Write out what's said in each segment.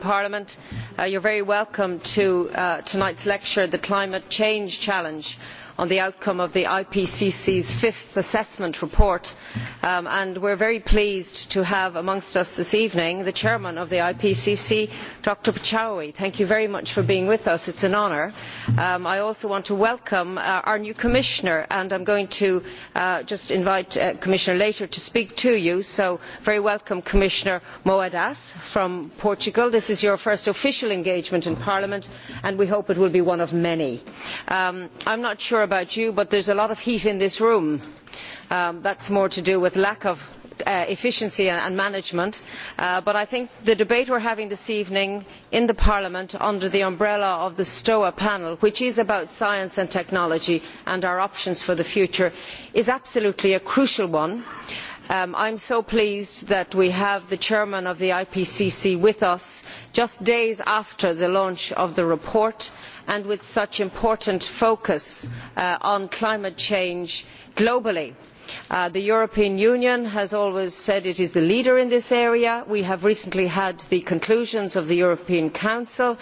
parliament uh, you are very welcome to uh, tonight's lecture the climate change challenge' on the outcome of the ipcc's fifth assessment report um, and we are very pleased to have amongst us this evening the chairman of the ipcc dr pachauri. thank you very much for being with us it is an honour. Um, i also want to welcome uh, our new commissioner and i am going to uh, just invite the uh, commissioner later to speak to you so very welcome commissioner moedas from portugal. this is your first official engagement in parliament and we hope it will be one of many. i am um, not about you but there is a lot of heat in this room. Um, that is more to do with lack of uh, efficiency and management uh, but i think the debate we are having this evening in parliament under the umbrella of the stoa panel which is about science and technology and our options for the future is absolutely a crucial one. i am um, so pleased that we have the chairman of the ipcc with us just days after the launch of the report and and with such important focus uh, on climate change globally. Uh, the european union has always said it is the leader in this area. we have recently had the conclusions of the european council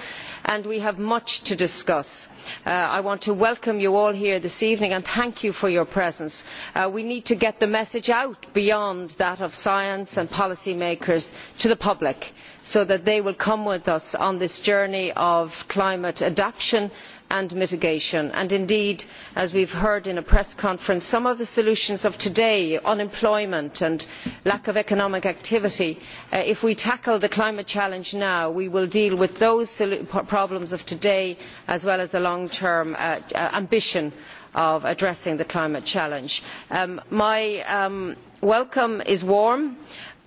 and we have much to discuss. Uh, i want to welcome you all here this evening and thank you for your presence. we need to get the message out beyond that of science and policy makers to the public so that they will come with us on this journey of climate adaptation and mitigation. indeed as we have heard in a press conference some of the solutions of today unemployment and lack of economic activity uh, if we tackle the climate challenge now we will deal with those problems of today as well as the long term uh, uh, ambition of addressing the climate challenge. Um, my um, welcome is warm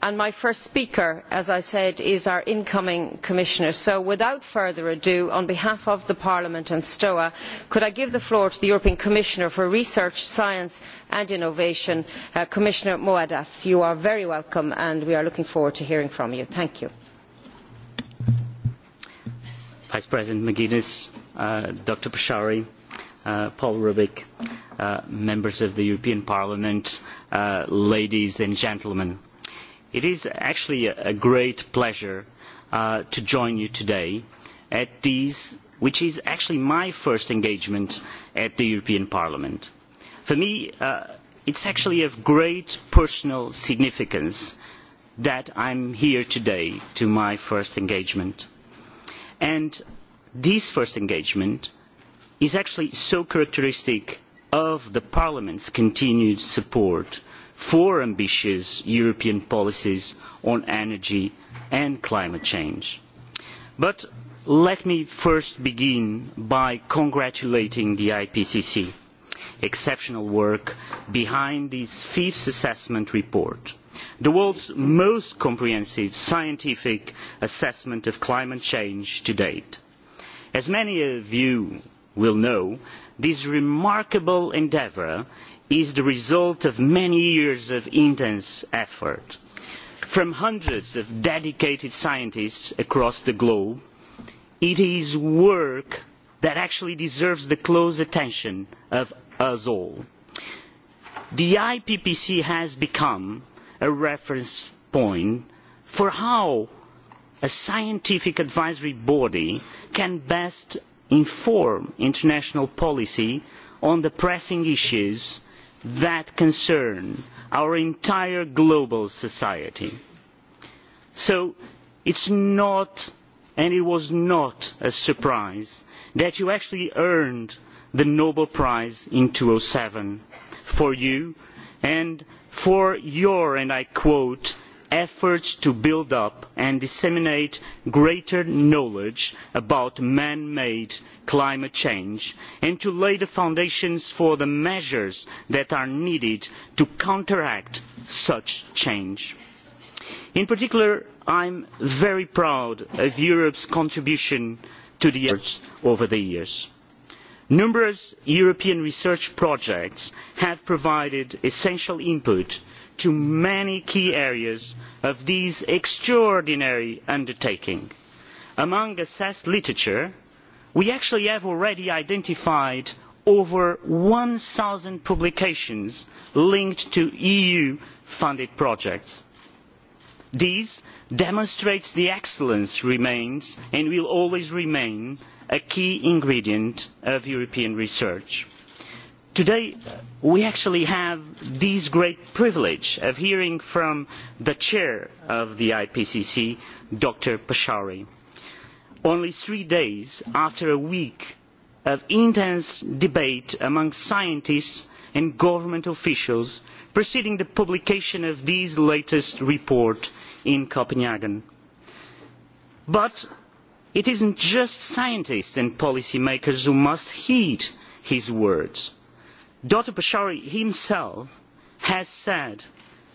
and my first speaker as i said is our incoming commissioner so without further ado on behalf of parliament and stoa could i give the floor to the european commissioner for research science and innovation uh, commissioner moedas. you are very welcome and we are looking forward to hearing from you. thank you. vice president mcguinness uh, dr pachauri uh, paul rubig members of the european parliament ladies and gentlemen It is actually a great pleasure uh, to join you today at this, which is actually my first engagement at the European Parliament. For me, uh, it's actually of great personal significance that I'm here today to my first engagement. And this first engagement is actually so characteristic of the Parliament's continued support for ambitious european policies on energy and climate change. but let me first begin by congratulating the ipcc exceptional work behind this fifth assessment report the world's most comprehensive scientific assessment of climate change to date. as many of you will know this remarkable endeavour is the result of many years of intense effort from hundreds of dedicated scientists across the globe. It is work that actually deserves the close attention of us all. The IPPC has become a reference point for how a scientific advisory body can best inform international policy on the pressing issues that concern our entire global society. so it is not and it was not a surprise that you actually earned the nobel prize in two thousand oh and seven for you and for your and i quote efforts to build up and disseminate greater knowledge about man made climate change and to lay the foundations for the measures that are needed to counteract such change. in particular i am very proud of europe's contribution to the efforts over the years. numerous european research projects have provided essential input to many key areas of this extraordinary undertaking. among assessed literature we actually have already identified over one thousand publications linked to eu funded projects. this demonstrates that excellence remains and will always remain a key ingredient of european research today we actually have this great privilege of hearing from the chair of the ipcc dr pachauri only three days after a week of intense debate among scientists and government officials preceding the publication of this latest report in copenhagen. but it is not just scientists and policymakers who must heed his words dr pachauri himself has said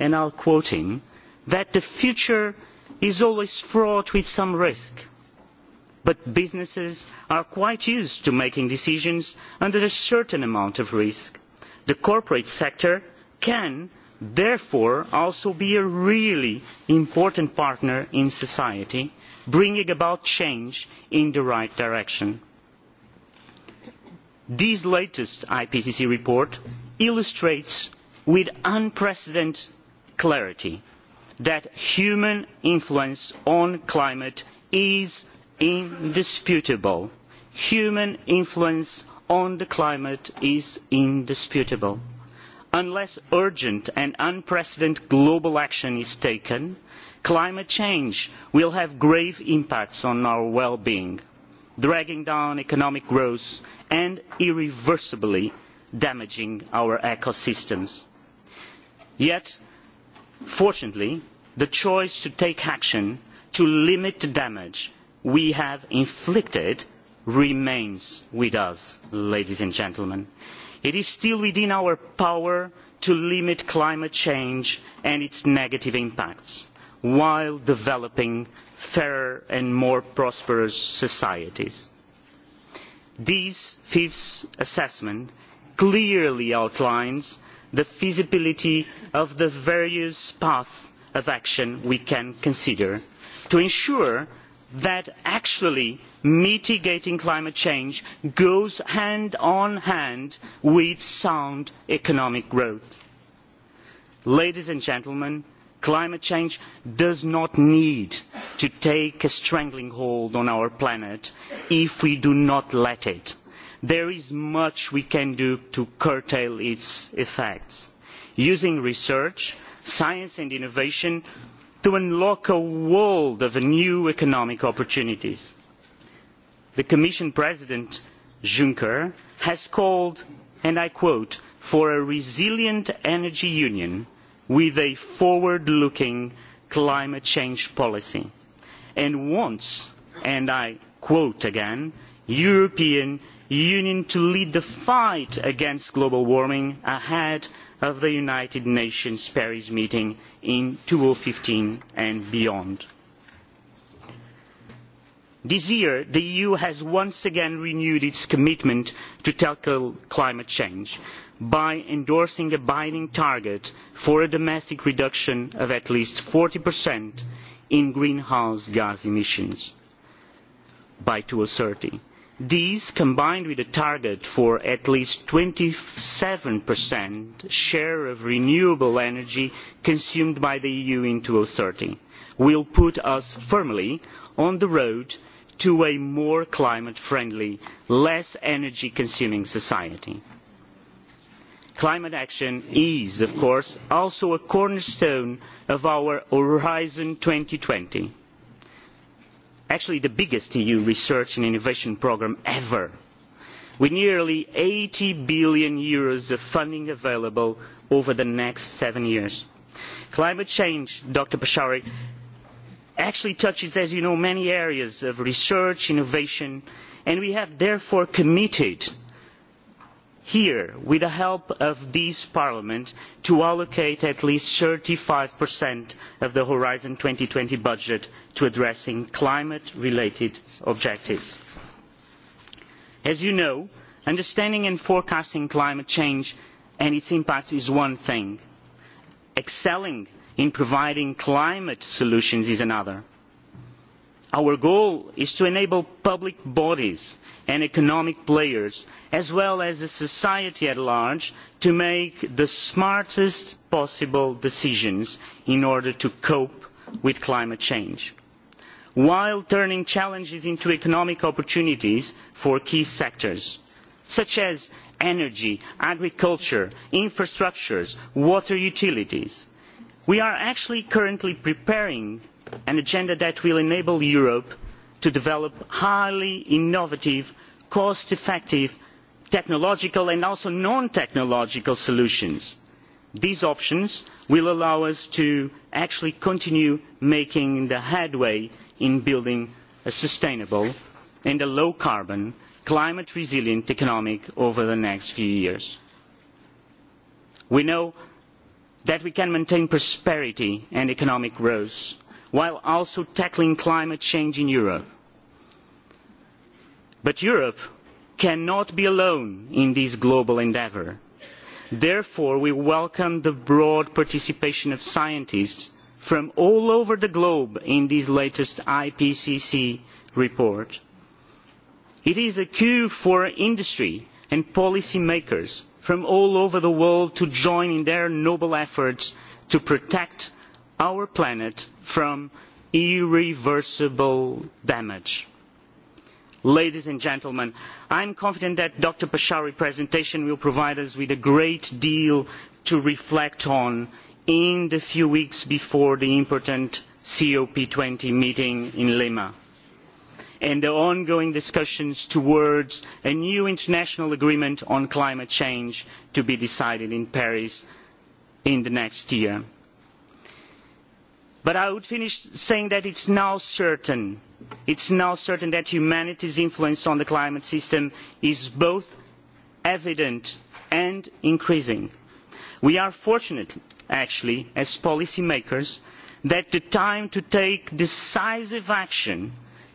and i quote him that the future is always fraught with some risk but businesses are quite used to making decisions under a certain amount of risk. the corporate sector can therefore also be a really important partner in society bringing about change in the right direction this latest ipcc report illustrates with unprecedented clarity that human influence on climate is indisputable human influence on the climate is indisputable. unless urgent and unprecedented global action is taken climate change will have grave impacts on our well being dragging down economic growth and irreversibly damaging our ecosystems. yet fortunately the choice to take action to limit the damage we have inflicted remains with us. it is still within our power to limit climate change and its negative impacts while developing fairer and more prosperous societies this fifth assessment clearly outlines the feasibility of the various paths of action we can consider to ensure that actually mitigating climate change goes hand in hand with sound economic growth. ladies and gentlemen climate change does not need to take a strangling hold on our planet if we do not let it. there is much we can do to curtail its effects using research science and innovation to unlock a world of new economic opportunities. the commission president juncker has called and i quote for a resilient energy union' with a forward looking climate change policy and wants and i quote again the european union to lead the fight against global warming ahead of the united nations paris meeting in two thousand and fifteen and beyond. this year the eu has once again renewed its commitment to tackle climate change by endorsing a binding target for a domestic reduction of at least forty in greenhouse gas emissions by. two thousand and thirty these combined with a target for at least twenty seven share of renewable energy consumed by the eu in two thousand and thirty will put us firmly on the road to a more climate friendly less energy consuming society climate action is of course also a cornerstone of our horizon two thousand and twenty actually the biggest eu research and innovation programme ever with nearly eur eighty billion Euros of funding available over the next seven years. climate change, dr pashari, actually touches, as you know, many areas of research, innovation, and we have therefore committed eur here with the help of this parliament to allocate at least thirty five of the horizon two thousand and twenty budget to addressing climate related objectives. as you know understanding and forecasting climate change and its impacts is one thing excelling in providing climate solutions is another our goal is to enable public bodies and economic players as well as society at large to make the smartest possible decisions in order to cope with climate change while turning challenges into economic opportunities for key sectors such as energy agriculture infrastructures water utilities. we are actually currently preparing an agenda that will enable europe to develop highly innovative cost effective technological and also non technological solutions. these options will allow us to actually continue making headway in building a sustainable and a low carbon climate resilient economy over the next few years. we know that we can maintain prosperity and economic growth while also tackling climate change in europe. but europe cannot be alone in this global endeavour. therefore we welcome the broad participation of scientists from all over the globe in this latest ipcc report. it is a cue for industry and policy makers from all over the world to join in their noble efforts to protect our planet from irreversible damage. Ladies and gentlemen, I am confident that Dr. Pashauri's presentation will provide us with a great deal to reflect on in the few weeks before the important COP20 meeting in Lima and the ongoing discussions towards a new international agreement on climate change to be decided in Paris in the next year but i would finish by saying that it is now certain it is now certain that humanity's influence on the climate system is both evident and increasing. we are fortunate actually as policy makers that the time to take decisive action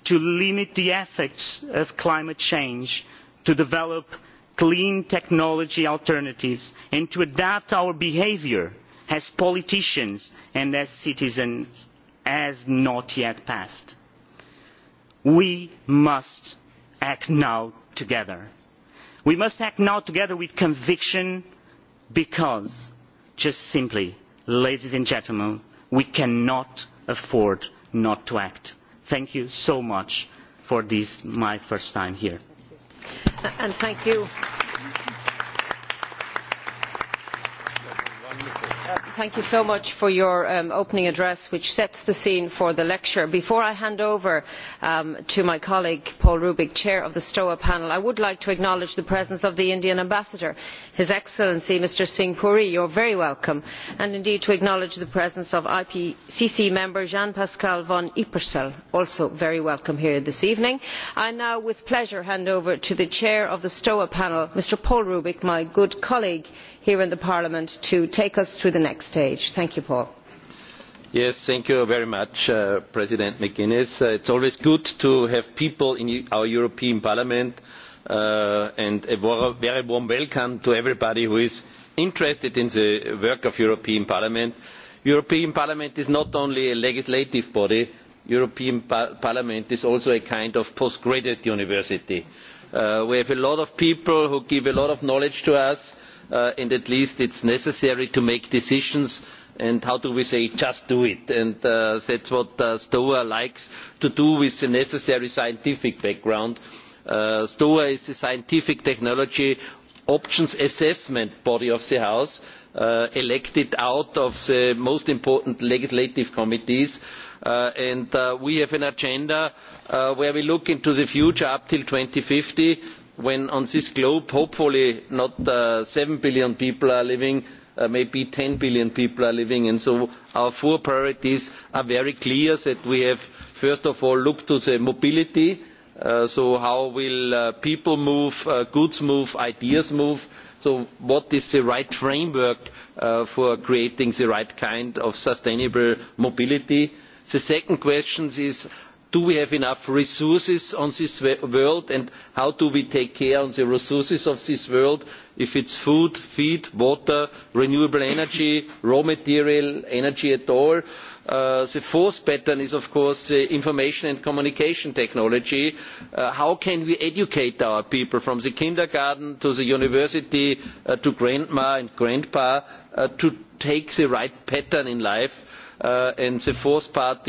to limit the effects of climate change to develop clean technology alternatives and to adapt our behaviour as politicians and as citizens has not yet passed. we must act now together. we must act now together with conviction because just simply ladies and gentlemen we cannot afford not to act. thank you so much for this my first time here. and thank you. thank you so much for your um, opening address which sets the scene for the lecture. before i hand over um, to my colleague paul rubig chair of the stoa panel i would like to acknowledge the presence of the indian ambassador his excellency mr singh puri you are very welcome and indeed to acknowledge the presence of ipcc member jean pascal von ippersen also very welcome here this evening. i now with pleasure hand over to the chair of the stoa panel mr paul rubig my good colleague here in parliament to take us to the next stage. thank you paul. thank you very much uh, president mcguinness. Uh, it is always good to have people in our european parliament uh, and a very warm welcome to everybody who is interested in the work of the european parliament. the european parliament is not only a legislative body the european parliament is also a kind of postgraduate university. we have a lot of people who give a lot of knowledge to us. Uh, and at least it is necessary to make decisions and how do we say just do it and uh, that is what uh, stoa likes to do with the necessary scientific background. stoa is the scientific technology options assessment body of the house elected out of the most important legislative committees and we have an agenda where we look into the future up to two thousand and fifty when on this globe hopefully not uh, seven billion people are living uh, maybe ten billion people are living and so our four priorities are very clear that we have first of all look to the mobility uh, so how will people move goods move ideas move so what is the right framework for creating the right kind of sustainable mobility? the second question is do we have enough resources in this world and how do we take care of the resources of this world if it is food feed water renewable energy raw material energy at all? Uh, the fourth pattern is of course information and communication technology. Uh, how can we educate our people from kindergarten to university uh, to grandma and grandpa to take the right pattern in life? and the fourth part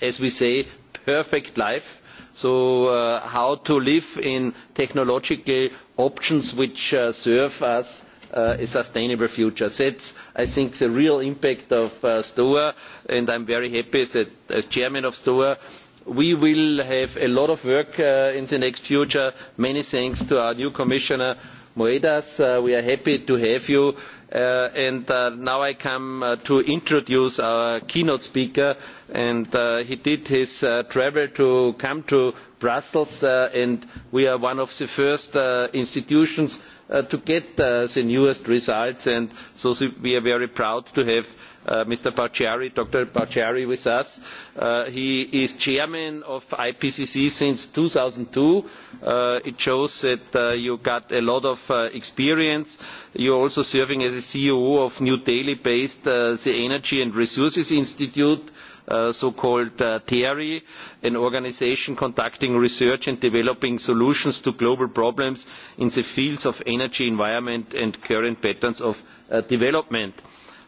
as we say, perfect life. So uh, how to live in technological options which uh, serve us uh, a sustainable future. That's, I think, the real impact of uh, STOA, and I'm very happy that, as chairman of STOA, we will have a lot of work uh, in the next future. Many thanks to our new commissioner moedas uh, we are happy to have you uh, and uh, now i come uh, to introduce our keynote speaker and uh, he did his uh, travel to come to brussels uh, and we are one of the first uh, institutions uh, to get uh, the newest results and so we are very proud to have Uh, mr pacioary with us. Uh, he is chairman of the ipcc since. two thousand and two uh, it shows that you have a lot of experience. you are also serving as the ceo of new delhi based energy and resources institute so called teri an organisation conducting research and developing solutions to global problems in the fields of energy environment and current patterns of development.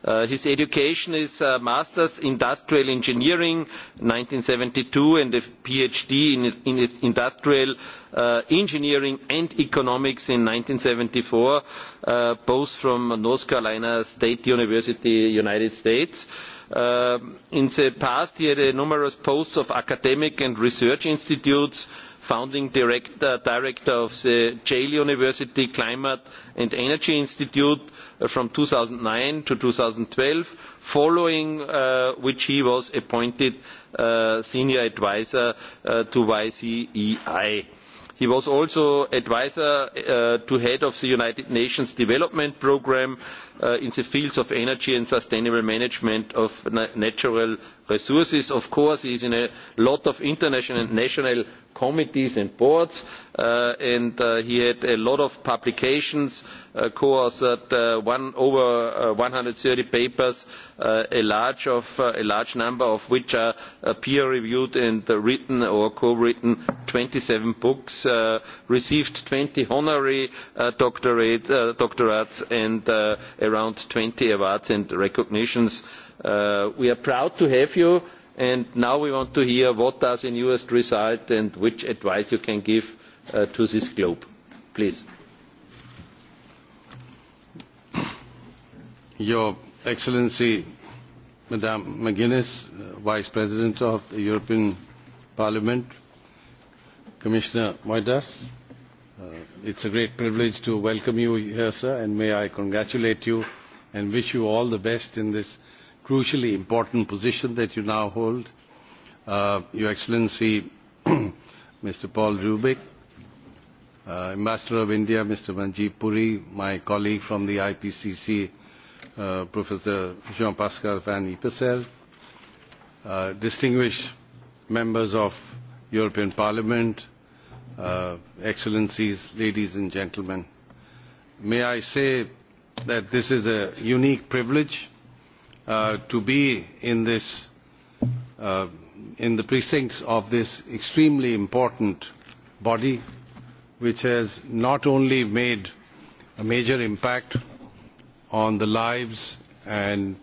Uh, his education is a uh, master's in industrial engineering one thousand nine hundred and seventy two and a phd in industrial uh, engineering and economics in one thousand nine hundred and seventy four both from north carolina state university united states. in the past he had numerous posts at academic and research institutes founding director of the jail university climate and energy institute uh, from two thousand and nine to two thousand and twelve following uh, which he was appointed uh, senior adviser to yci. E he was also adviser uh, to head of the united nations development programme uh, in the fields of energy and sustainable management of natural resources. of course he is on a lot of international and national committees and boards. Uh, and uh, he had a lot of publications uh, co authored over one hundred and thirty papers a large number of which are peer reviewed and written or co written twenty seven books received twenty honorary doctorates and around twenty awards and recognitions. we are proud to have you and now we want to hear what does in your result and which advice you can give uh, to this globe. Please. Your Excellency, Madam McGuinness, uh, Vice President of the European Parliament, Commissioner Moidas, uh, it's a great privilege to welcome you here, sir, and may I congratulate you and wish you all the best in this crucially important position that you now hold. Uh, Your Excellency, Mr. Paul Rubik, uh, Ambassador of India, Mr. Manjeev Puri, my colleague from the IPCC, uh, Professor Jean-Pascal Van Ypersel, uh, distinguished members of European Parliament, uh, Excellencies, ladies and gentlemen, may I say that this is a unique privilege uh, to be in this uh, in the precincts of this extremely important body, which has not only made a major impact on the lives and,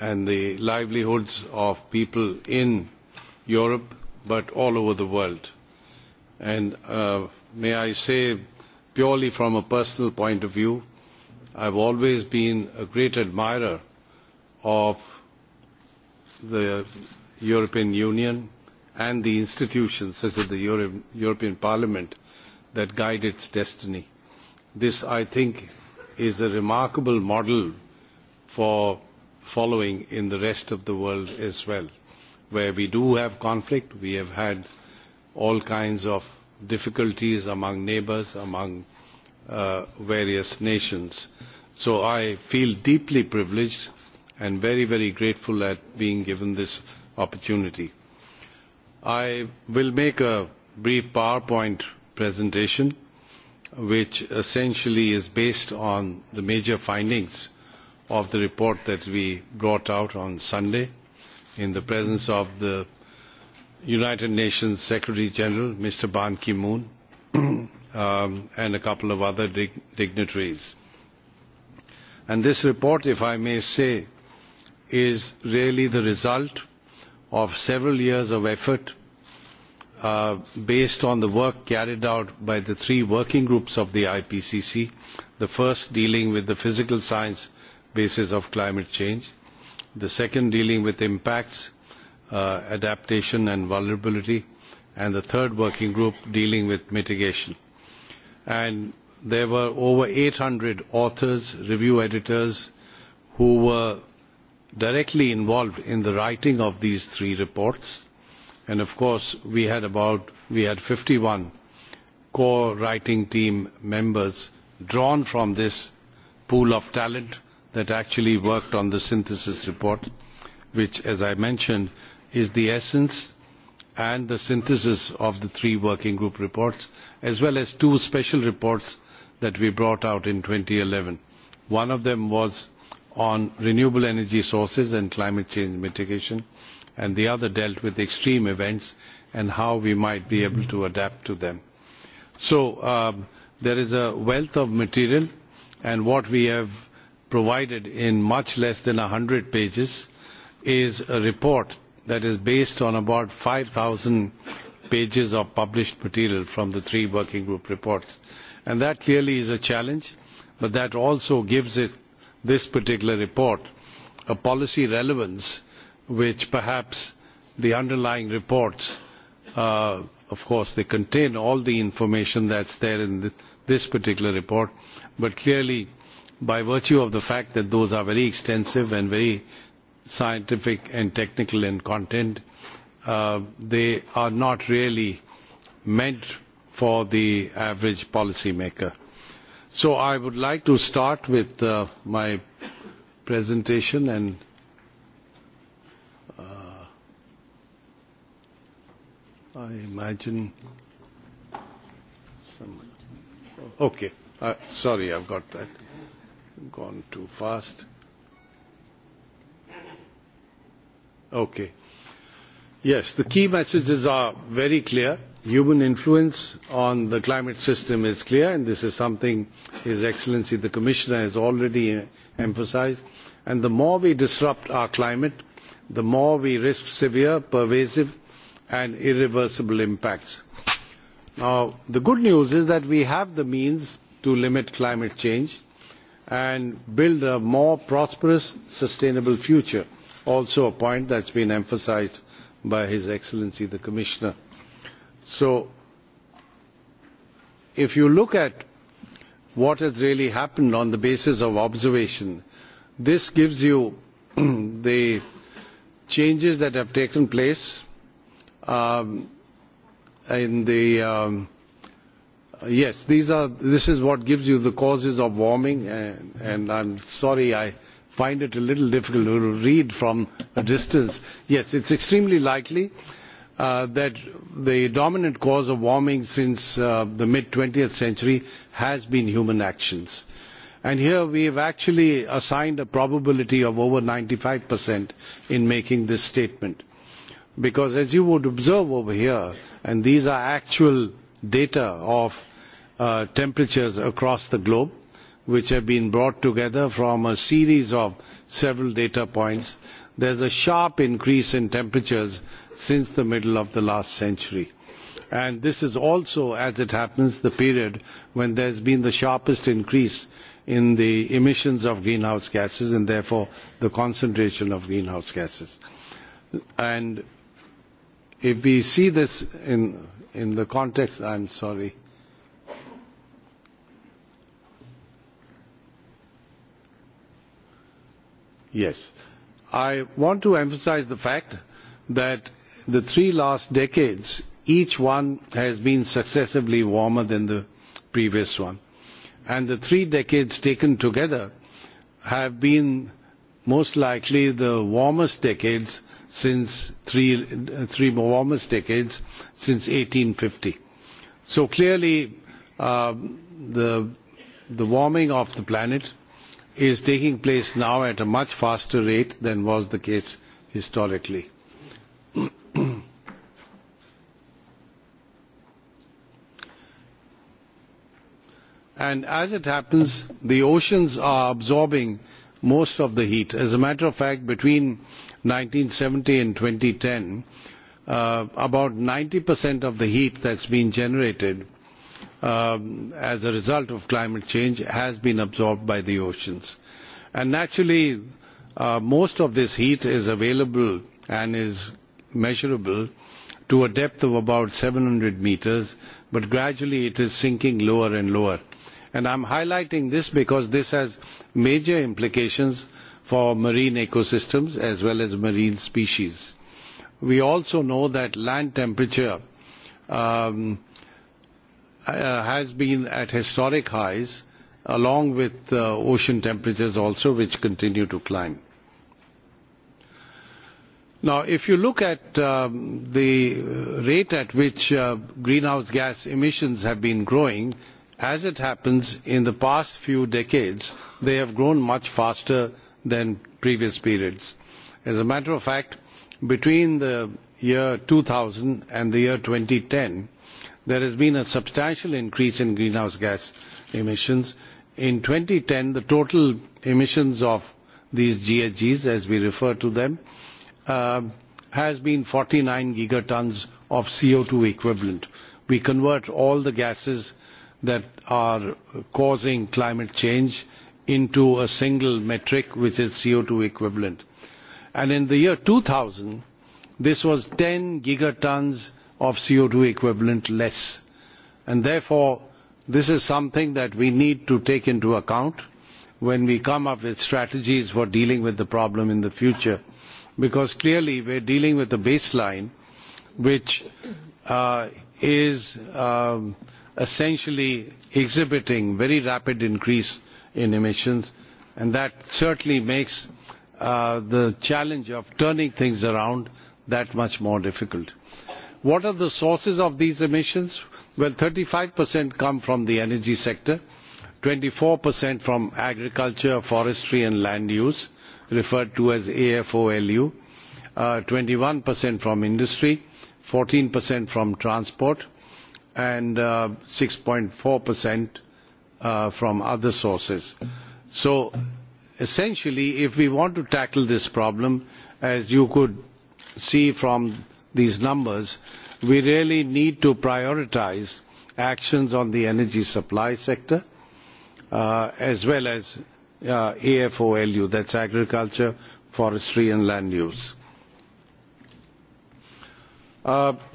and the livelihoods of people in Europe, but all over the world. And uh, may I say, purely from a personal point of view, I've always been a great admirer of the European Union and the institutions such as the Euro European Parliament that guide its destiny. This, I think, is a remarkable model for following in the rest of the world as well, where we do have conflict, we have had all kinds of difficulties among neighbors, among uh, various nations. So I feel deeply privileged and very, very grateful at being given this opportunity. I will make a brief PowerPoint presentation, which essentially is based on the major findings of the report that we brought out on Sunday in the presence of the United Nations Secretary General, Mr. Ban Ki moon, um, and a couple of other dig- dignitaries. And this report, if I may say, is really the result of several years of effort. Uh, based on the work carried out by the three working groups of the ipcc the first dealing with the physical science basis of climate change the second dealing with impacts uh, adaptation and vulnerability and the third working group dealing with mitigation. there were over eight hundred authors and review editors who were directly involved in the writing of these three reports and of course we had about we had 51 core writing team members drawn from this pool of talent that actually worked on the synthesis report which as i mentioned is the essence and the synthesis of the three working group reports as well as two special reports that we brought out in 2011 one of them was on renewable energy sources and climate change mitigation and the other dealt with extreme events and how we might be able to adapt to them. So um, there is a wealth of material and what we have provided in much less than 100 pages is a report that is based on about 5,000 pages of published material from the three working group reports. And that clearly is a challenge, but that also gives it, this particular report a policy relevance uh, which perhaps the underlying reports uh, of course they contain all the information that is there in this particular report but clearly by virtue of the fact that those are very extensive and very scientific and technical in content uh, they are not really meant for the average policy maker so i would like to start with uh, my presentation and I imagine someone. Okay. Uh, sorry, I've got that. I've gone too fast. Okay. Yes, the key messages are very clear. Human influence on the climate system is clear, and this is something His Excellency the Commissioner has already uh, emphasized. And the more we disrupt our climate, the more we risk severe, pervasive, and irreversible impacts. Now, the good news is that we have the means to limit climate change and build a more prosperous, sustainable future, also a point that's been emphasized by His Excellency the Commissioner. So, if you look at what has really happened on the basis of observation, this gives you the changes that have taken place Um, in the um, yes, these are this is what gives you the causes of warming, and, eh, and I'm sorry, I find it a little difficult to read from a distance. Yes, it's extremely likely. Uh, that the dominant cause of warming since uh, the mid 20th century has been human actions. And here we have actually assigned a probability of over 95% in making this statement because as you would observe over here, and these are actual data of uh, temperatures across the globe, which have been brought together from a series of several data points, there's a sharp increase in temperatures since the middle of the last century. And this is also, as it happens, the period when there's been the sharpest increase in the emissions of greenhouse gases and therefore the concentration of greenhouse gases. And if we see this in in the context i'm sorry yes i want to emphasize the fact that the three last decades each one has been successively warmer than the previous one and the three decades taken together have been most likely the warmest decades three more almost decades since 1850. So clearly, uh, the, the warming of the planet is taking place now at a much faster rate than was the case historically. and as it happens, the oceans are absorbing most of the heat. As a matter of fact, between 1970 and 2010, uh, about 90% of the heat that's been generated um, as a result of climate change has been absorbed by the oceans. And naturally, uh, most of this heat is available and is measurable to a depth of about 700 meters, but gradually it is sinking lower and lower i am highlighting this because it has major implications for marine ecosystems as well as marine species. we also know that land temperature um, uh, has been at historic highs along with uh, ocean temperatures also which continue to climb. now if you look at um, the rate at which uh, greenhouse gas emissions have been growing as it happens in the past few decades they have grown much faster than previous periods as a matter of fact between the year 2000 and the year 2010 there has been a substantial increase in greenhouse gas emissions in 2010 the total emissions of these ghgs as we refer to them uh, has been 49 gigatons of co2 equivalent we convert all the gases uh, that are causing climate change into a single metric, which is CO2 equivalent. And in the year 2000, this was 10 gigatons of CO2 equivalent less. And therefore, this is something that we need to take into account when we come up with strategies for dealing with the problem in the future. Because clearly, we're dealing with a baseline which uh, is... Um, essentially exhibiting very rapid increase in emissions and that certainly makes uh, the challenge of turning things around that much more difficult. What are the sources of these emissions? Well, 35% come from the energy sector, 24% from agriculture, forestry and land use, referred to as AFOLU, 21% uh, from industry, 14% from transport, and uh, 6.4% uh, from other sources. So essentially, if we want to tackle this problem, as you could see from these numbers, we really need to prioritize actions on the energy supply sector uh, as well as uh, AFOLU, that's agriculture, forestry and land use. Uh,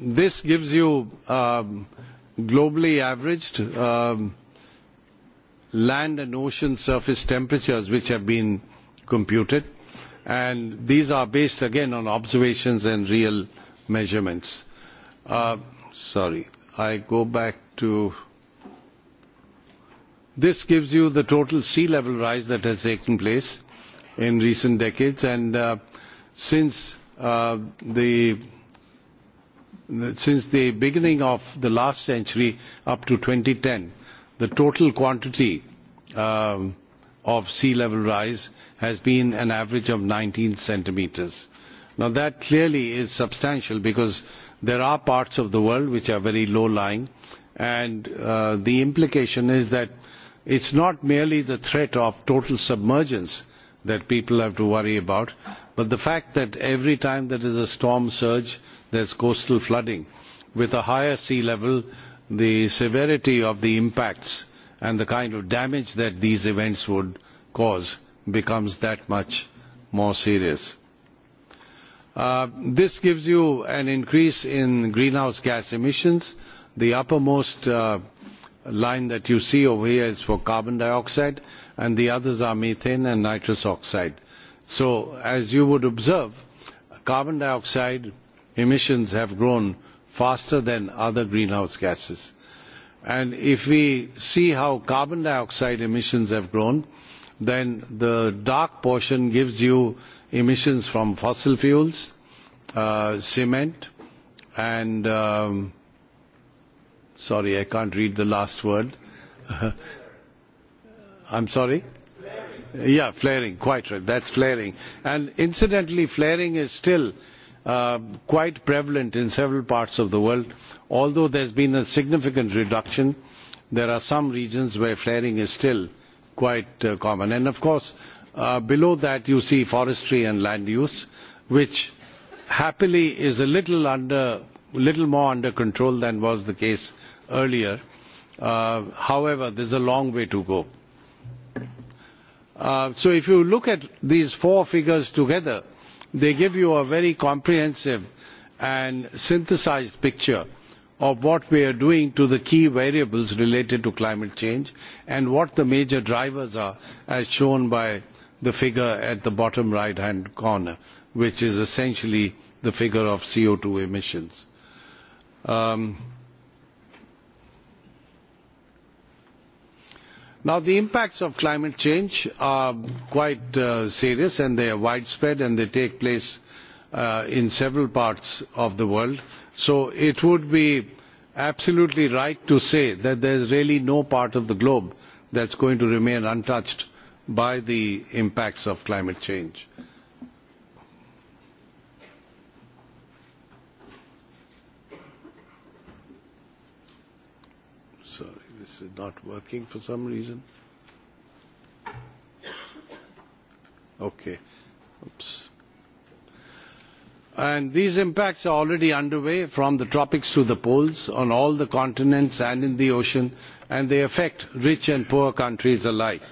this gives you um, globally averaged um, land and ocean surface temperatures which have been computed and these are based again on observations and real measurements. Uh, sorry, I go back to... This gives you the total sea level rise that has taken place in recent decades and uh, since uh, the since the beginning of the last century up to 2010, the total quantity um, of sea level rise has been an average of 19 centimeters. Now that clearly is substantial because there are parts of the world which are very low-lying and uh, the implication is that it's not merely the threat of total submergence that people have to worry about, but the fact that every time there is a storm surge there is coastal flooding with a higher sea level the severity of the impacts and the kind of damage that these events would cause becomes that much more serious. Uh, this gives you an increase in greenhouse gas emissions. The uppermost uh, line that you see over here is for carbon dioxide and the others are methane and nitrous oxide. So, as you would observe, carbon dioxide emissions have grown faster than other greenhouse gases. And if we see how carbon dioxide emissions have grown, then the dark portion gives you emissions from fossil fuels, uh, cement, and um, sorry, I can't read the last word. I'm sorry? flaring quite right that is flaring and incidentally flaring is still uh, quite prevalent in several parts of the world although there has been a significant reduction there are some regions where flaring is still quite uh, common and of course uh, below that you see forestry and land use which happily is a little under little more under control than was the case earlier uh, however there's a long way to go Uh, so if you look at these four figures together they give you a very comprehensive and synthesized picture of what we are doing to the key variables related to climate change and what the major drivers are as shown by the figure at the bottom right hand corner which is essentially the figure of co2 emissions um, the impacts of climate change are quite uh, serious and they are widespread and they take place uh, in several parts of the world. So it would be absolutely right to say that there is really no part of the globe that's going to remain untouched by the impacts of climate change. is not working for some reason. Okay. Oops. And these impacts are already underway from the tropics to the poles on all the continents and in the ocean, and they affect rich and poor countries alike.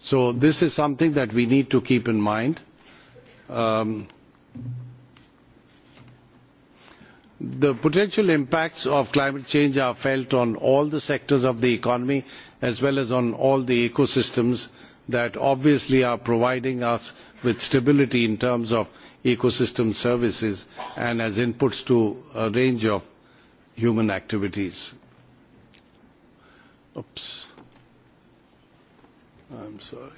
So this is something that we need to keep in mind. Um, the potential impacts of climate change are felt on all the sectors of the economy as well as on all the ecosystems that obviously are providing us with stability in terms of ecosystem services and as inputs to a range of human activities. Oops. I'm sorry.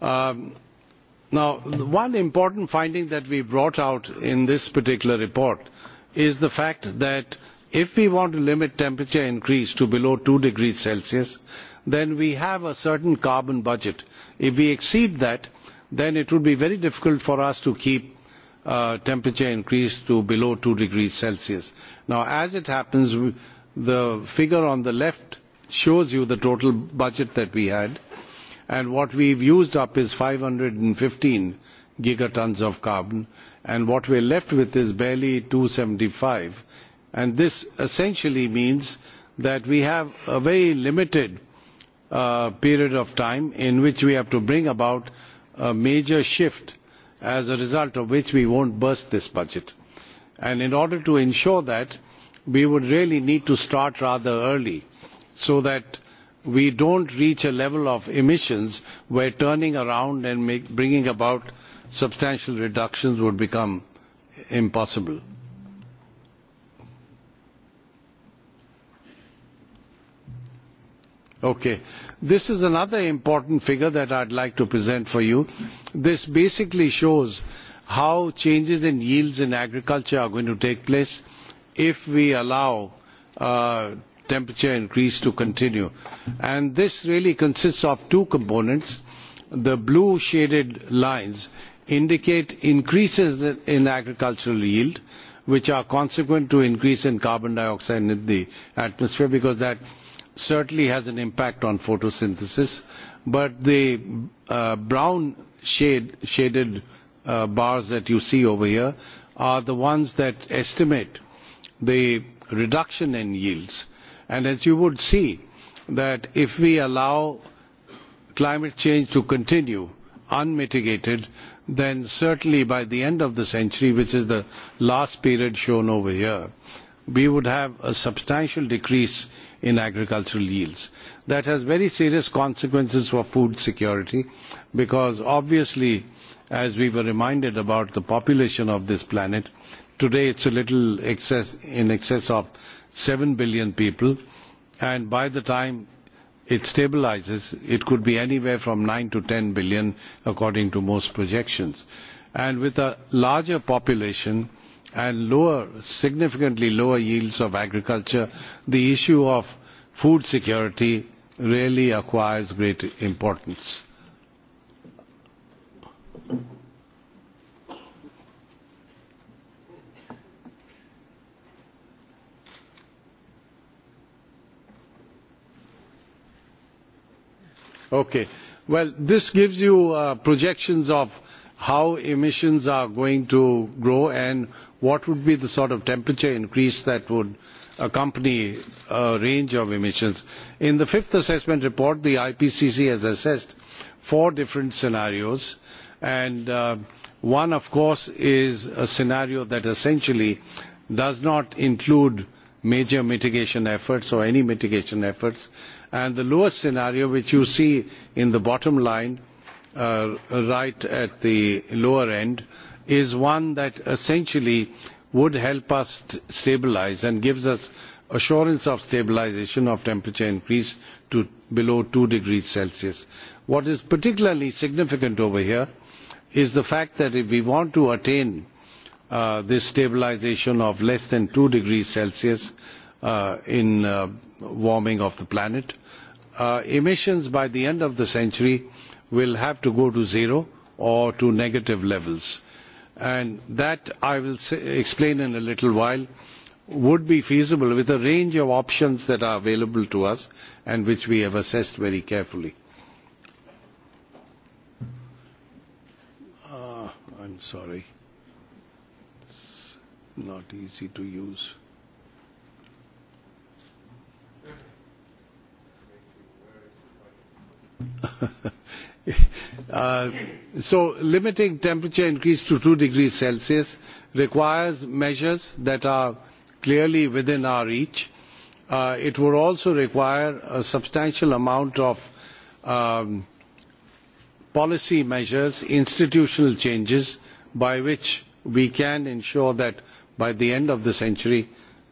Um, one important finding that we brought out in this particular report is the fact that if we want to limit temperature increase to below 2 degrees Celsius, then we have a certain carbon budget. If we exceed that, then it would be very difficult for us to keep uh, temperature increase to below 2 degrees Celsius. Now, as it happens, the figure on the left shows you the total budget that we had and what we have used up is 515 gigatons of carbon and what we are left with is barely 275 and this essentially means that we have a very limited uh, period of time in which we have to bring about a major shift as a result of which we won't burst this budget. And in order to ensure that, we would really need to start rather early so that we don't reach a level of emissions where turning around and make, bringing about substantial reductions would become impossible. Okay, this is another important figure that I'd like to present for you. This basically shows how changes in yields in agriculture are going to take place if we allow uh, temperature increase to continue. And this really consists of two components. The blue shaded lines indicate increases in agricultural yield, which are consequent to increase in carbon dioxide in the atmosphere, because that certainly has an impact on photosynthesis. But the uh, brown shade, shaded uh, bars that you see over here are the ones that estimate the reduction in yields. Uh, And as you would see, that if we allow climate change to continue unmitigated, then certainly by the end of the century, which is the last period shown over here, we would have a substantial decrease in agricultural yields. That has very serious consequences for food security because obviously, as we were reminded about the population of this planet, today it's a little excess, in excess of 7 billion people and by the time it stabilizes it could be anywhere from 9 to 10 billion according to most projections and with a larger population and lower significantly lower yields of agriculture the issue of food security really acquires great importance. this gives you uh, projections of how emissions are going to grow and what would be the sort of temperature increase that would accompany a range of emissions. in the fifth assessment report the ipcc has assessed four different scenarios and uh, one of course is a scenario that essentially does not include major mitigation efforts or any mitigation efforts and the lower scenario which you see in the bottom line uh, right at the lower end is one that essentially would help us st stabilize and gives us assurance of stabilization of temperature increase to below 2 degrees Celsius. What is particularly significant over here is the fact that if we want to attain uh, this stabilization of less than 2 degrees Celsius, Uh, in uh, warming of the planet. Uh, emissions by the end of the century will have to go to zero or to negative levels. And that, I will say, explain in a little while, would be feasible with a range of options that are available to us and which we have assessed very carefully. Uh, I'm sorry. It's not easy to use. Uh, so limiting temperature increase to two degrees celsius requires measures that are clearly within our reach. Uh, it would also require a substantial amount of um, policy measures institutional changes by which we can ensure that by the end of the century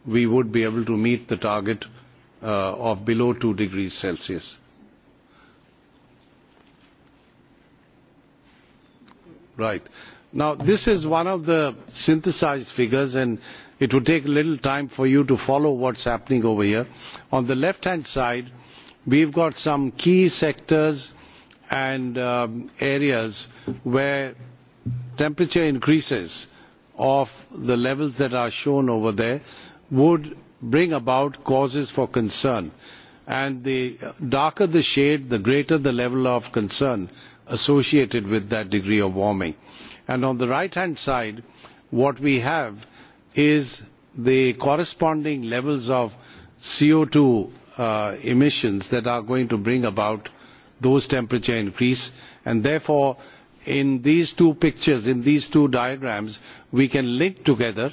we would be able to meet the target uh, of below two degrees celsius. Right. Now, this is one of the synthesized figures, and it would take a little time for you to follow what's happening over here. On the left hand side, we've got some key sectors and um, areas where temperature increases of the levels that are shown over there would bring about causes for concern. And the darker the shade, the greater the level of concern associated with that degree of warming. And on the right hand side, what we have is the corresponding levels of CO2 uh, emissions that are going to bring about those temperature increase. And therefore, in these two pictures, in these two diagrams, we can link together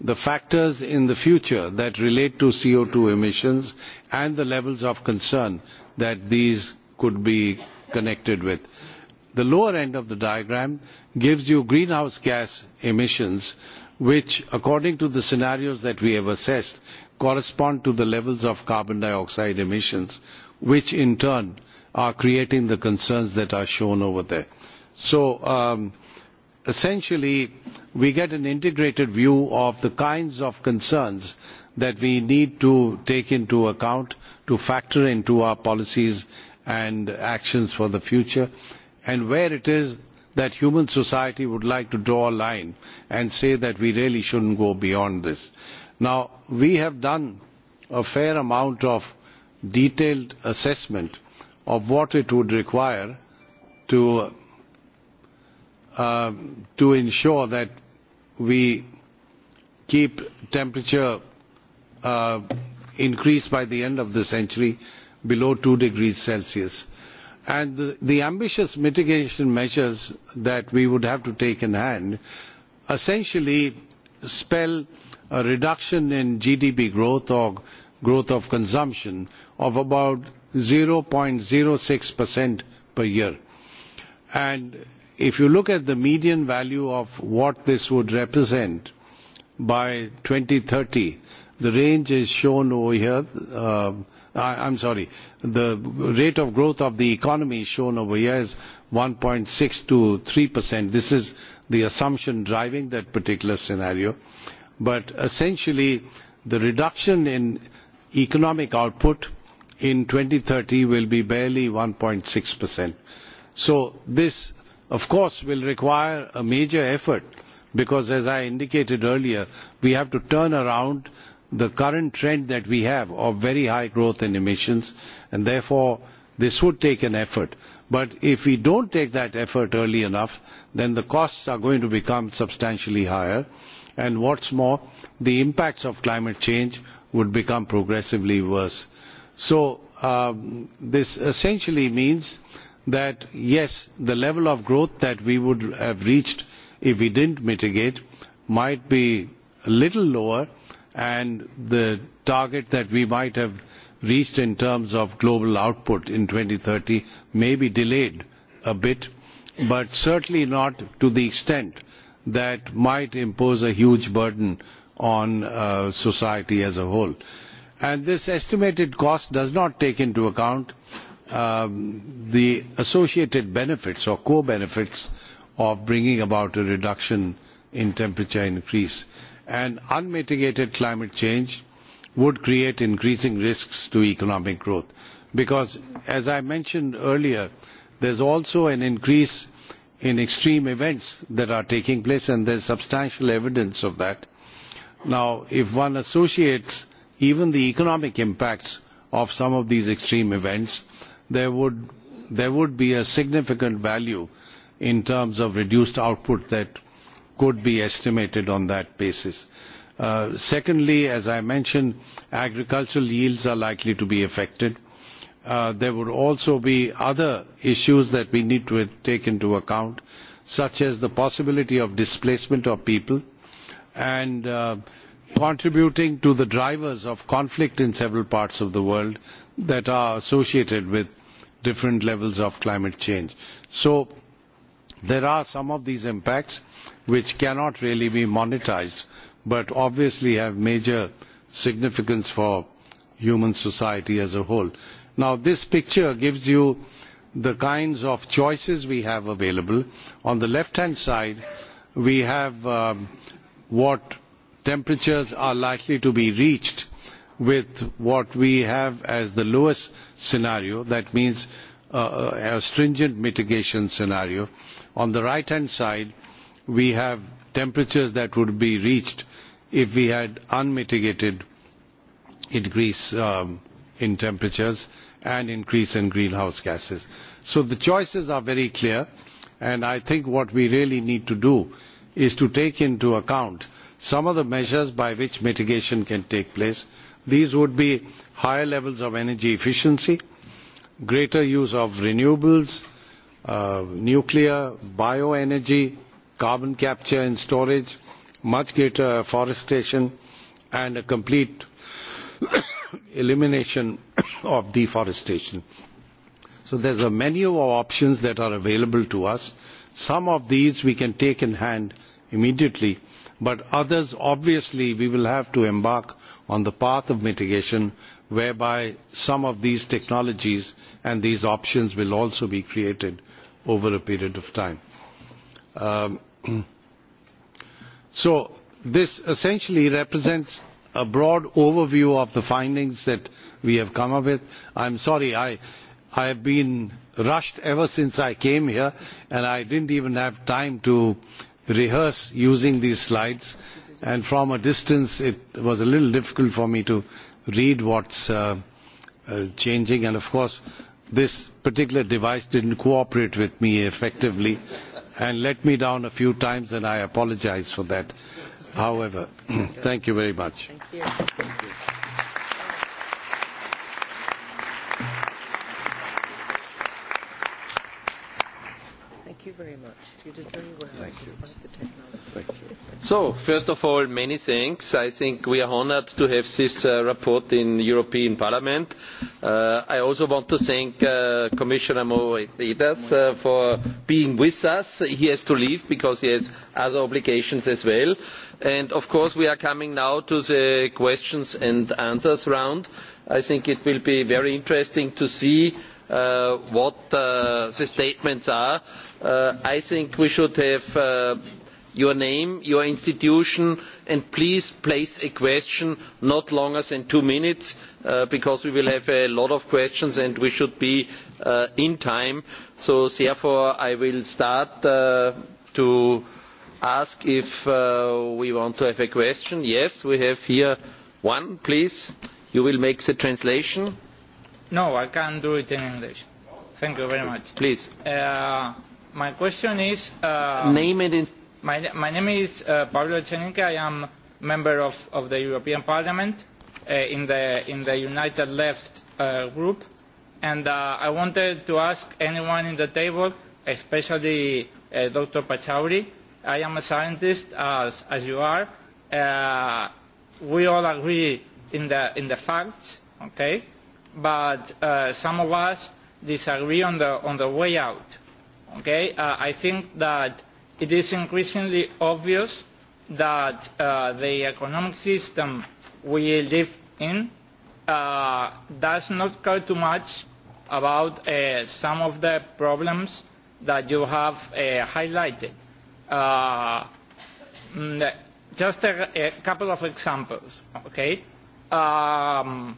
the factors in the future that relate to CO2 emissions and the levels of concern that these could be connected with. The lower end of the diagram gives you greenhouse gas emissions, which, according to the scenarios that we have assessed, correspond to the levels of carbon dioxide emissions, which in turn are creating the concerns that are shown over there. So um, essentially, we get an integrated view of the kinds of concerns that we need to take into account to factor into our policies and actions for the future, and where it is that human society would like to draw a line and say that we really shouldn't go beyond this. Now, we have done a fair amount of detailed assessment of what it would require to, uh, to ensure that we keep temperature uh, increased by the end of the century below 2 degrees Celsius. And the, the ambitious mitigation measures that we would have to take in hand essentially spell a reduction in GDP growth or growth of consumption of about 0.06% per year. And if you look at the median value of what this would represent by 2030, the range is shown over here. Um, I, I'm sorry, the rate of growth of the economy shown over here is 1.6 to 3 percent. This is the assumption driving that particular scenario. But essentially, the reduction in economic output in 2030 will be barely 1.6 percent. So this, of course, will require a major effort because, as I indicated earlier, we have to turn around the current trend that we have of very high growth in emissions and therefore this would take an effort but if we don't take that effort early enough then the costs are going to become substantially higher and what's more the impacts of climate change would become progressively worse so um, this essentially means that yes the level of growth that we would have reached if we didn't mitigate might be a little lower and the target that we might have reached in terms of global output in 2030 may be delayed a bit, but certainly not to the extent that might impose a huge burden on uh, society as a whole. And this estimated cost does not take into account um, the associated benefits or co-benefits of bringing about a reduction in temperature increase and unmitigated climate change would create increasing risks to economic growth because as i mentioned earlier there's also an increase in extreme events that are taking place and there's substantial evidence of that now if one associates even the economic impacts of some of these extreme events there would there would be a significant value in terms of reduced output that could be estimated on that basis. Uh, secondly as i mentioned agricultural yields are likely to be affected. Uh, there would also be other issues that we need to take into account such as the possibility of displacement of people and uh, contributing to the drivers of conflict in several parts of the world that are associated with different levels of climate change. so there are some of these impacts which cannot really be monetised but obviously have major significance for human society as a whole. now this picture gives you the kinds of choices we have available. on the left hand side we have um, what temperatures are likely to be reached with what we have as the lowest scenario that means uh, uh a stringent mitigation scenario. on the right hand side we have temperatures that would be reached if we had unmitigated increase um, in temperatures and increase in greenhouse gases. So the choices are very clear, and I think what we really need to do is to take into account some of the measures by which mitigation can take place. These would be higher levels of energy efficiency, greater use of renewables, uh, nuclear, bioenergy, carbon capture and storage much greater afforestation and a complete elimination of deforestation. So there's a menu of options that are available to us. Some of these we can take in hand immediately, but others obviously we will have to embark on the path of mitigation whereby some of these technologies and these options will also be created over a period of time. Um, so this essentially represents a broad overview of the findings that we have come up with. i am sorry i have been rushed ever since i came here and i did not even have time to rehearse using these slides and from a distance it was a little difficult for me to read what is uh, uh, changing and of course this particular device did not cooperate with me effectively and let me down a few times and i apologise for that. however thank you very much. you very much. You did very well Thank you. the technology. Thank you. So, first of all, many thanks. I think we are honored to have this uh, report in European Parliament. Uh, I also want to thank uh, Commissioner Moedas uh, for being with us. He has to leave because he has other obligations as well. And, of course, we are coming now to the questions and answers round. I think it will be very interesting to see uh, what uh, the statements are. Uh, i think we should have uh, your name your institution and please place a question not longer than two minutes uh, because we will have a lot of questions and we should be on time so therefore i will start to ask if we want to have a question yes we have here one please you will make the translation no i can't do it in english thank you very much please uh my question is um, name it in my, my name is uh, Pablo Echenique. I am member of, of the European Parliament uh, in the in the United Left uh, group, and uh, I wanted to ask anyone in the table, especially uh, Dr. Pachauri. I am a scientist, as as you are. Uh, we all agree in the in the facts, okay? But uh, some of us disagree on the on the way out. Okay? Uh, I think that it is increasingly obvious that uh, the economic system we live in uh, does not care too much about uh, some of the problems that you have uh, highlighted. Uh, mm, just a, a couple of examples. Okay? Um,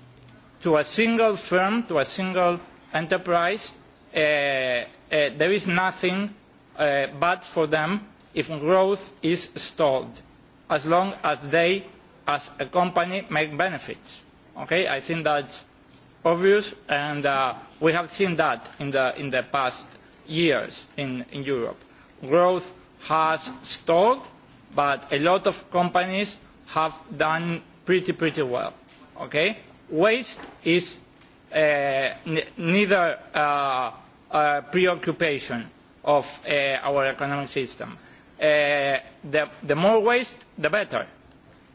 to a single firm, to a single enterprise, Uh, uh, there is nothing uh, bad for them if growth is stalled as long as they as a company make benefits. i think that is obvious and we have seen that in the past years in europe. growth has stalled but a lot of companies have done pretty well. waste Uh, neither uh, preoccupation of uh, our economic system. the more waste the better.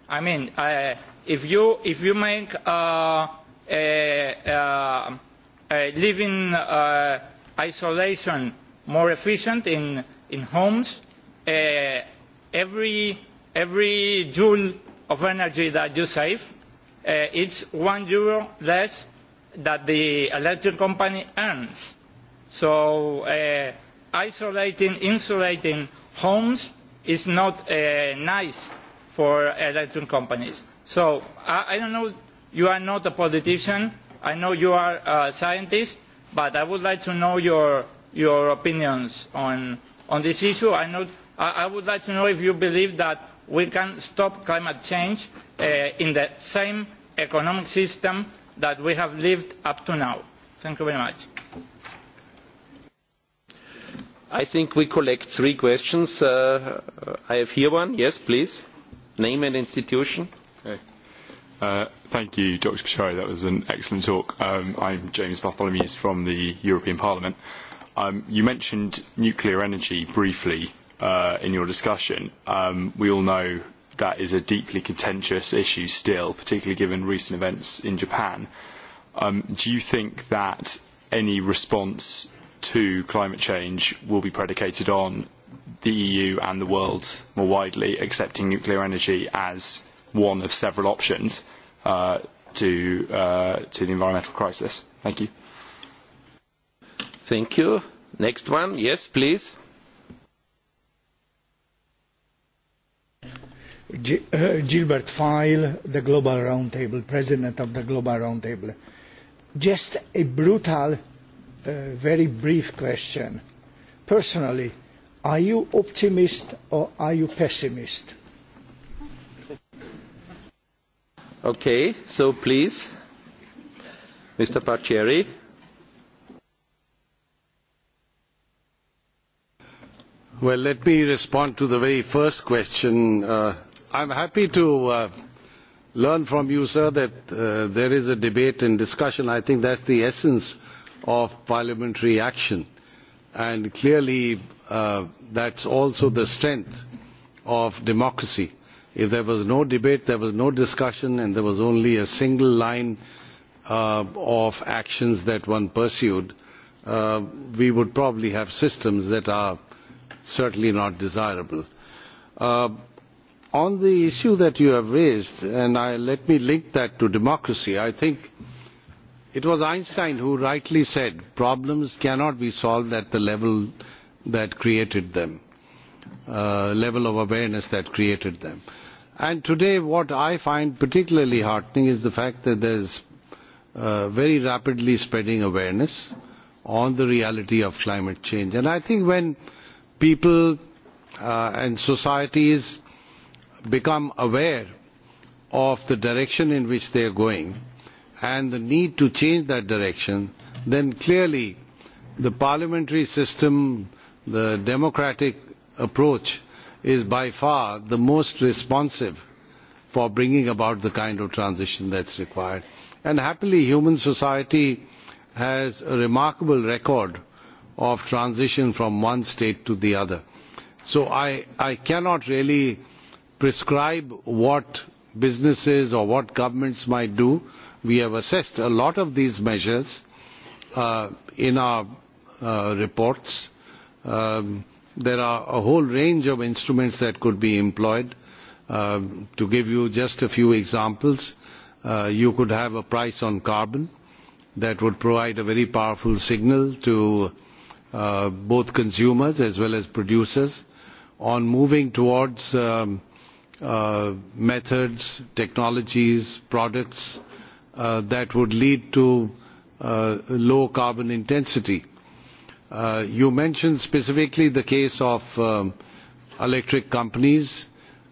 i mean if you make living isolation more efficient in homes every joule of energy that you save is one euro less that the electric company earns. so uh, isolating insulating homes is not uh, nice for electric companies. so i do not know you are not a politician i know you are a scientist but i would like to know your, your opinions on, on this issue. I, know, I would like to know if you believe that we can stop climate change uh, in the same economic system that we have lived up to now. Thank you very much. I think we collect three questions. Uh, uh I have here one. Yes, please. Name and institution. Okay. Uh, thank you, Dr. Pichari. That was an excellent talk. Um, I'm James Bartholomew from the European Parliament. Um, you mentioned nuclear energy briefly uh, in your discussion. Um, we all know that is a deeply contentious issue still, particularly given recent events in Japan. Um, do you think that any response to climate change will be predicated on the EU and the world more widely accepting nuclear energy as one of several options uh, to, uh, to the environmental crisis? Thank you. Thank you. Next one. Yes, please. Uh, gilbert file the global roundtable president of the global roundtable just a brutal uh, very brief question personally are you optimist or are you pessimist okay so please mr parcheri well let me respond to the very first question uh, i am happy to uh, learn from you sir that uh, there is a debate and discussion. i think that is the essence of parliamentary action and clearly uh, that is also the strength of democracy. if there was no debate there was no discussion and there was only a single line of actions that one pursued we would probably have systems that are certainly not desirable on the issue that you have raised and let me link that to democracy i think it was einstein who rightly said problems cannot be solved at the level that created them uh, level of awareness that created them and today what i find particularly heartening is the fact that there's uh, very rapidly spreading awareness on the reality of climate change. And I think when people uh, and societies uh, become aware of the direction in which they are going and the need to change that direction, then clearly the parliamentary system, the democratic approach is by far the most responsive for bringing about the kind of transition that's required. And happily, human society has a remarkable record of transition from one state to the other. So I, I cannot really uh, prescribe what businesses or what governments might do. We have assessed a lot of these measures uh, in our uh, reports. Um, there are a whole range of instruments that could be employed. Uh, to give you just a few examples, uh, you could have a price on carbon that would provide a very powerful signal to uh, both consumers as well as producers on moving towards um, Uh, methods, technologies, products uh, that would lead to uh, low carbon intensity. Uh, you mentioned specifically the case of um, electric companies.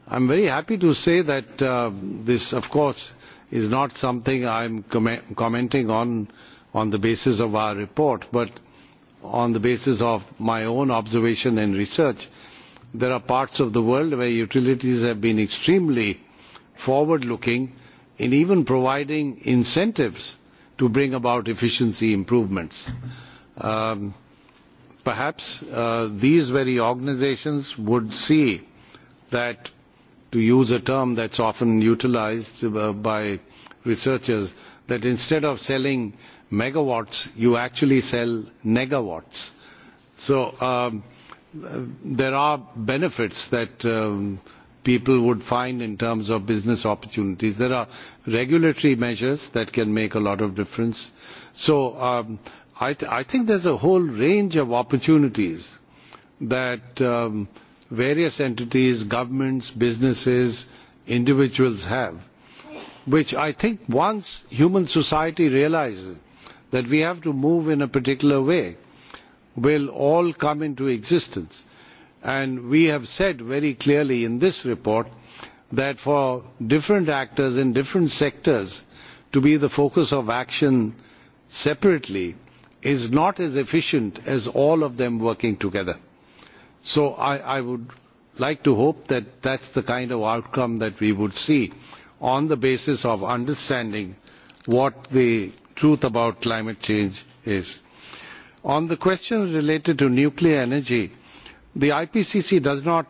I'm very happy to say that uh, this, of course, is not something I'm com- commenting on on the basis of our report, but on the basis of my own observation and research there are parts of the world where utilities have been extremely forward looking in even providing incentives to bring about efficiency improvements. Um, perhaps uh, these very organizations would see that, to use a term that's often utilized uh, by researchers, that instead of selling megawatts, you actually sell negawatts. So um, there are benefits that um, people would find in terms of business opportunities. There are regulatory measures that can make a lot of difference. So um, I, th I think there's a whole range of opportunities that um, various entities, governments, businesses, individuals have, which I think once human society realizes that we have to move in a particular way, will all come into existence and we have said very clearly in this report that for different actors in different sectors to be the focus of action separately is not as efficient as all of them working together. So I, I would like to hope that that's the kind of outcome that we would see on the basis of understanding what the truth about climate change is on the question related to nuclear energy the ipcc does not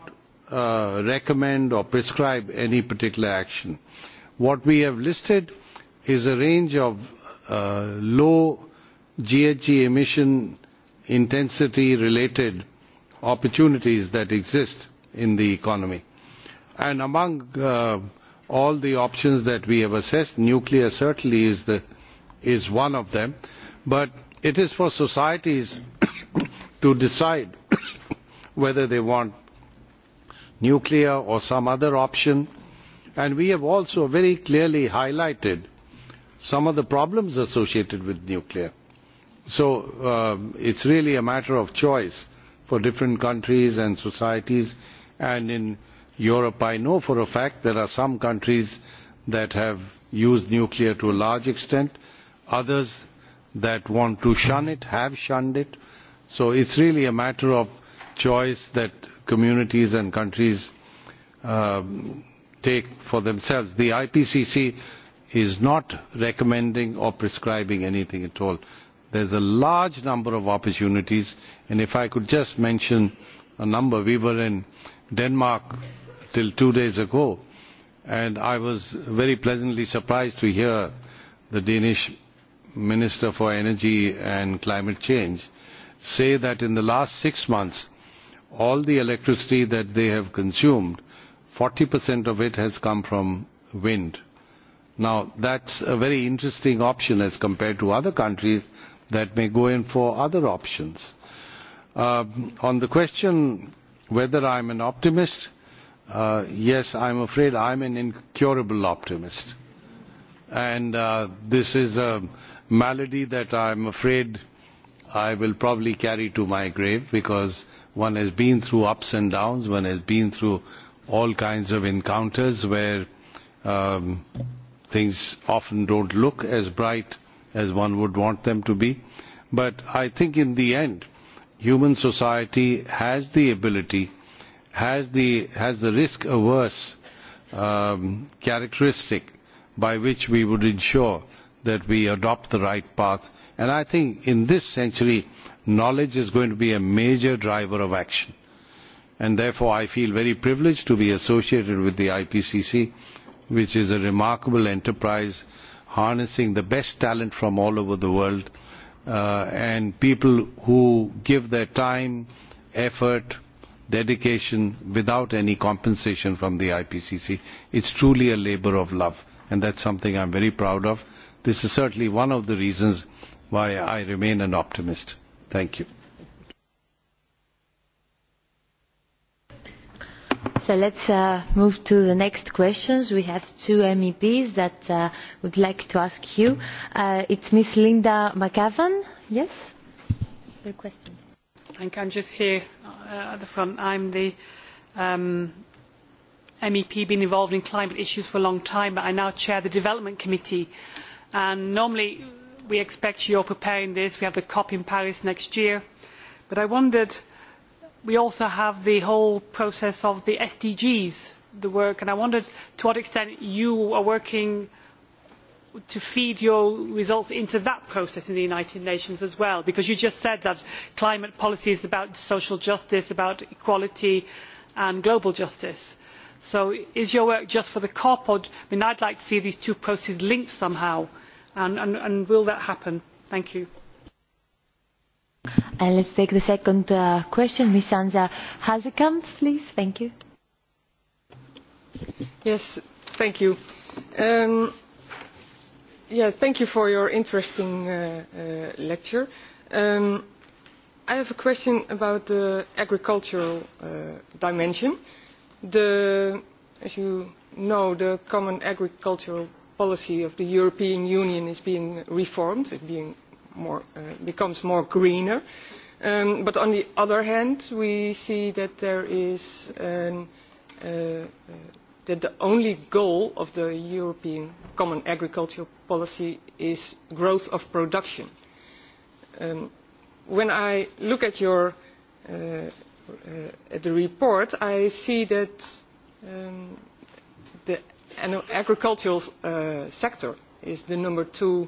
uh, recommend or prescribe any particular action what we have listed is a range of uh, low ghg emission intensity related opportunities that exist in the economy and among uh, all the options that we have assessed nuclear certainly is the is one of them but it is for societies to decide whether they want nuclear or some other option and we have also very clearly highlighted some of the problems associated with nuclear so um, it's really a matter of choice for different countries and societies and in europe i know for a fact there are some countries that have used nuclear to a large extent others that want to shun it have shunned it. So it's really a matter of choice that communities and countries um, take for themselves. The IPCC is not recommending or prescribing anything at all. There's a large number of opportunities, and if I could just mention a number, we were in Denmark till two days ago, and I was very pleasantly surprised to hear the Danish minister for energy and climate change say that in the last 6 months all the electricity that they have consumed 40% of it has come from wind now that's a very interesting option as compared to other countries that may go in for other options uh, on the question whether i'm an optimist uh, yes, I'm afraid I'm an incurable optimist. And uh, this is a, malady that I am afraid I will probably carry to my grave because one has been through ups and downs, one has been through all kinds of encounters where um, things often don't look as bright as one would want them to be. But I think in the end, human society has the ability, has the, has the risk-averse um, characteristic by which we would ensure that we adopt the right path. And I think in this century, knowledge is going to be a major driver of action. And therefore, I feel very privileged to be associated with the IPCC, which is a remarkable enterprise, harnessing the best talent from all over the world, uh, and people who give their time, effort, dedication without any compensation from the IPCC. It's truly a labor of love, and that's something I'm very proud of this is certainly one of the reasons why I remain an optimist. Thank you. So let's uh, move to the next questions. We have two MEPs that uh, would like to ask you. Uh, it's Miss Linda McAvan. Yes? Your question. Thank you. I'm just here uh, at the front. I'm the um, MEP, been involved in climate issues for a long time, but I now chair the Development Committee and normally we expect you are preparing this we have the cop in paris next year but i wondered we also have the whole process of the sdgs the work and i wondered to what extent you are working to feed your results into that process in the united nations as well because you just said that climate policy is about social justice about equality and global justice so is your work just for the cop? i would like to see these two processes linked somehow and will that happen? thank you. And uh, let's take the second uh, question. Ms. Anza Hazekamp, please. Thank you. Yes, thank you. Um, yeah, thank you for your interesting uh, uh, lecture. Um, I have a question about the agricultural uh, dimension. Uh, as you know the common agricultural policy of the european union is being reformed it uh, becomes greener um, but on the other hand we see uh, uh, that the only goal of the european common agricultural policy is growth of production. Um, when i look at your Uh, at the report i see that um, the agricultural uh, sector is the number two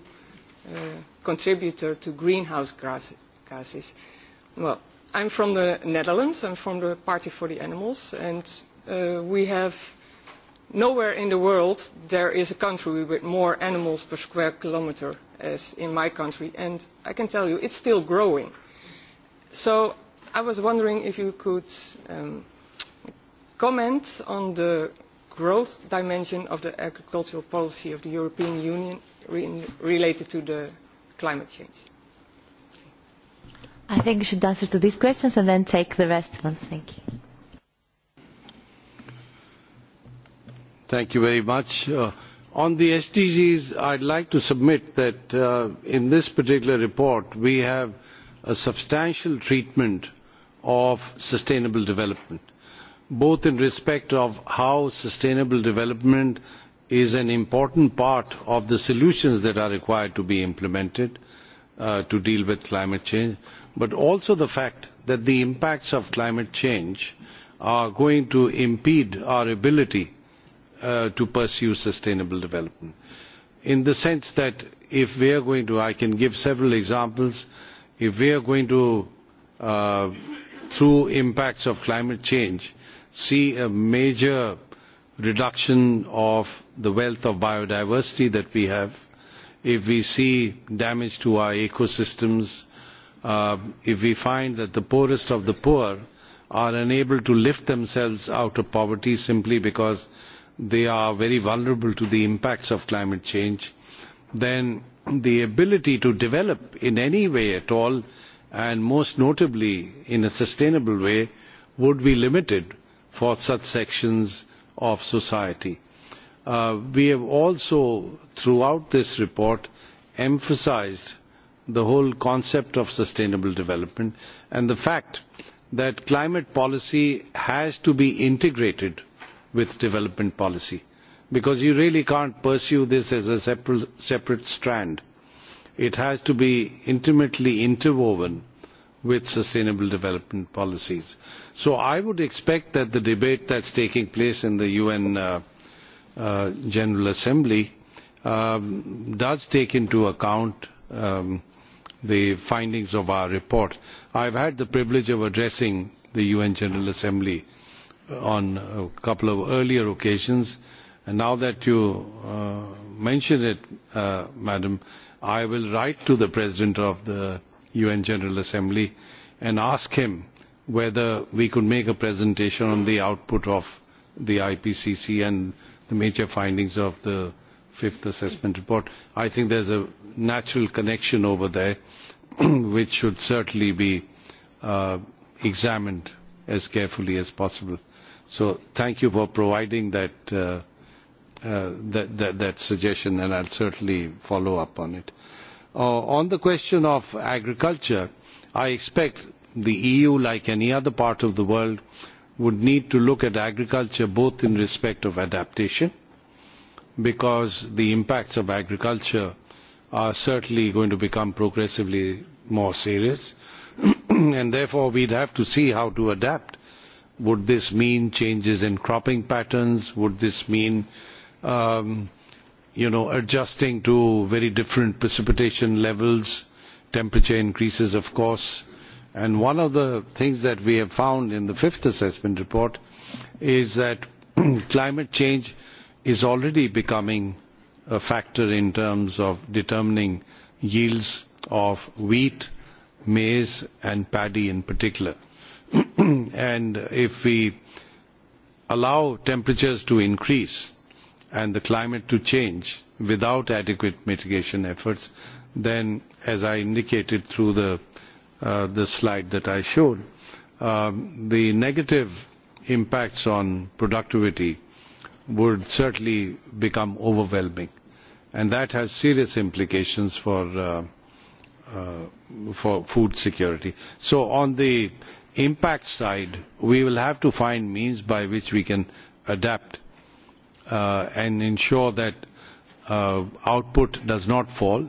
uh, contributor to greenhouse gases. i am from the netherlands i am from the party for the animals and nowhere in the world is there a country with more animals per square kilometre as in my country and i can tell you it is still growing. so i was wondering if you could um, comment on the growth dimension of the agricultural policy of the european union related to climate change. i think you should answer to these questions and then take the rest. Of them. thank you. thank you very much. Uh, on the sdgs, i'd like to submit that uh, in this particular report, we have a substantial treatment of sustainable development both in respect of how sustainable development is an important part of the solutions that are required to be implemented uh, to deal with climate change but also the fact that the impacts of climate change are going to impede our ability uh, to pursue sustainable development in the sense that if we are going to i can give several examples if we are going to uh, true impacts of climate change see a major reduction of the wealth of biodiversity that we have if we see damage to our ecosystems uh, if we find that the poorest of the poor are unable to lift themselves out of poverty simply because they are very vulnerable to the impacts of climate change then the ability to develop in any way at all uh, and most notably in a sustainable way would be limited for such sections of society. Uh, we have also throughout this report emphasized the whole concept of sustainable development and the fact that climate policy has to be integrated with development policy because you really can't pursue this as a separate, separate strand it has to be intimately interwoven with sustainable development policies. so i would expect that the debate that is taking place in the un uh, uh, general assembly um, does take into account um, the findings of our report. i have had the privilege of addressing the un general assembly on a couple of earlier occasions. and now that you uh, mention it, uh, madam, I will write to the President of the UN General Assembly and ask him whether we could make a presentation on the output of the IPCC and the major findings of the fifth assessment report. I think there's a natural connection over there which should certainly be uh, examined as carefully as possible. So thank you for providing that uh, Uh, that, that, that suggestion, and I'll certainly follow up on it. Uh, on the question of agriculture, I expect the EU, like any other part of the world, would need to look at agriculture both in respect of adaptation, because the impacts of agriculture are certainly going to become progressively more serious, and therefore we'd have to see how to adapt. Would this mean changes in cropping patterns? Would this mean uh, um, you know, adjusting to very different precipitation levels, temperature increases, of course. And one of the things that we have found in the fifth assessment report is that climate change is already becoming a factor in terms of determining yields of wheat, maize and paddy in particular. and if we allow temperatures to increase, and the climate to change without adequate mitigation efforts then as i indicated through the uh, the slide that i showed um, the negative impacts on productivity would certainly become overwhelming and that has serious implications for uh, uh, for food security so on the impact side we will have to find means by which we can adapt uh, and ensure that uh, output does not fall.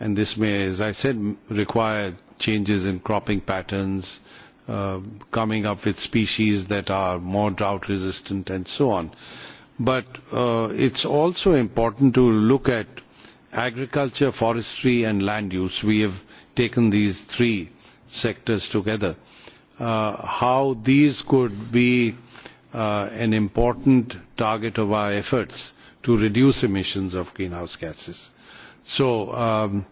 And this may, as I said, require changes in cropping patterns, uh, coming up with species that are more drought resistant and so on. But uh, it's also important to look at agriculture, forestry and land use. We have taken these three sectors together. Uh, how these could be uh, Uh, an important target of our efforts to reduce emissions of greenhouse gases. So um,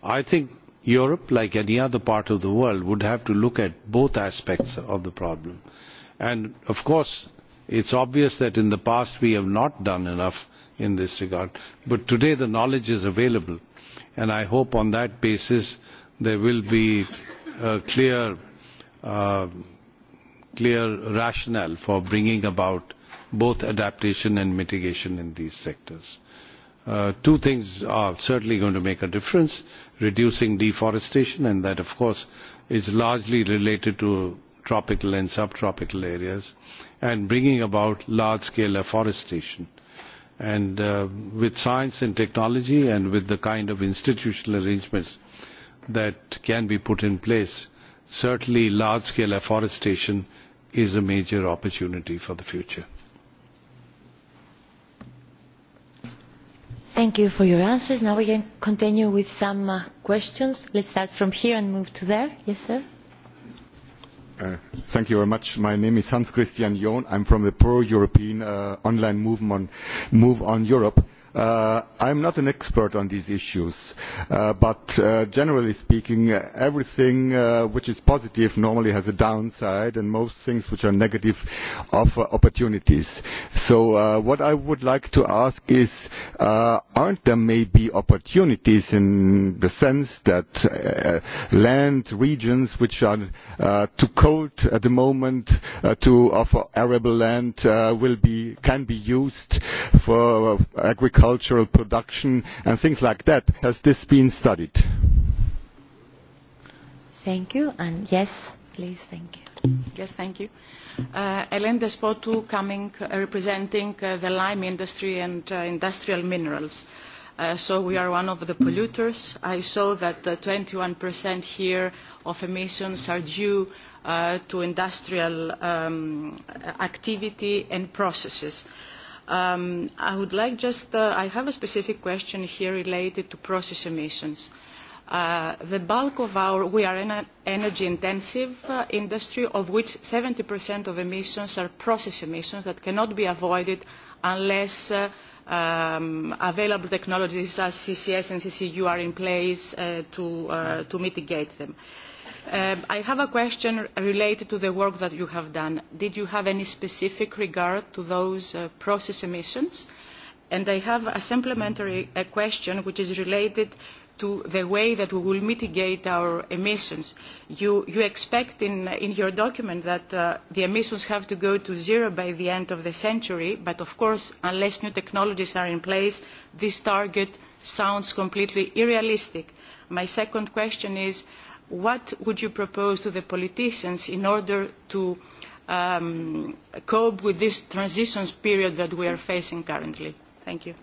I think Europe, like any other part of the world, would have to look at both aspects of the problem. And of course, it's obvious that in the past we have not done enough in this regard. But today the knowledge is available. And I hope on that basis there will be a clear uh, clear rationale for bringing about both adaptation and mitigation in these sectors. Uh, two things are certainly going to make a difference, reducing deforestation, and that, of course, is largely related to tropical and subtropical areas, and bringing about large-scale afforestation. And uh, with science and technology and with the kind of institutional arrangements that can be put in place, certainly large scale afforestation is a major opportunity for the future. Thank you for your answers. Now we can continue with some uh, questions. Let's start from here and move to there. Yes, sir. Uh, thank you very much. My name is Hans Christian Jon. I'm from the pro European uh, online movement, Move on Europe. Uh, Uh, i am not an expert on these issues uh, but uh, generally speaking everything which is positive normally has a downside and most things which are negative offer opportunities. so what i would like to ask is are there not opportunities in the sense that land regions which are too cold at the moment to offer arable land can be used for agriculture agricultural production and things like that. Has this been studied? Thank you. And yes, please, thank you. Yes, thank you. Uh, Ellen Despotu coming, uh, representing uh, the lime industry and uh, industrial minerals. Uh, so we are one of the polluters. I saw that uh, 21% here of emissions are due uh, to industrial um, activity and processes. Uh, Um, I would like just, uh, I have a specific question here related to process emissions. Uh, the bulk of our, we are an energy intensive uh, industry of which 70% of emissions are process emissions that cannot be avoided unless uh, um, available technologies as CCS and CCU are in place uh, to, uh, to mitigate them. Uh, Um, I have a question related to the work that you have done. Did you have any specific regard to those uh, process emissions? And I have a supplementary a uh, question which is related to the way that we will mitigate our emissions. You, you expect in, in your document that uh, the emissions have to go to zero by the end of the century, but of course, unless new technologies are in place, this target sounds completely unrealistic. My second question is, what would you propose to the politicians in order to um, cope with this transition period that we are facing currently? Thank you.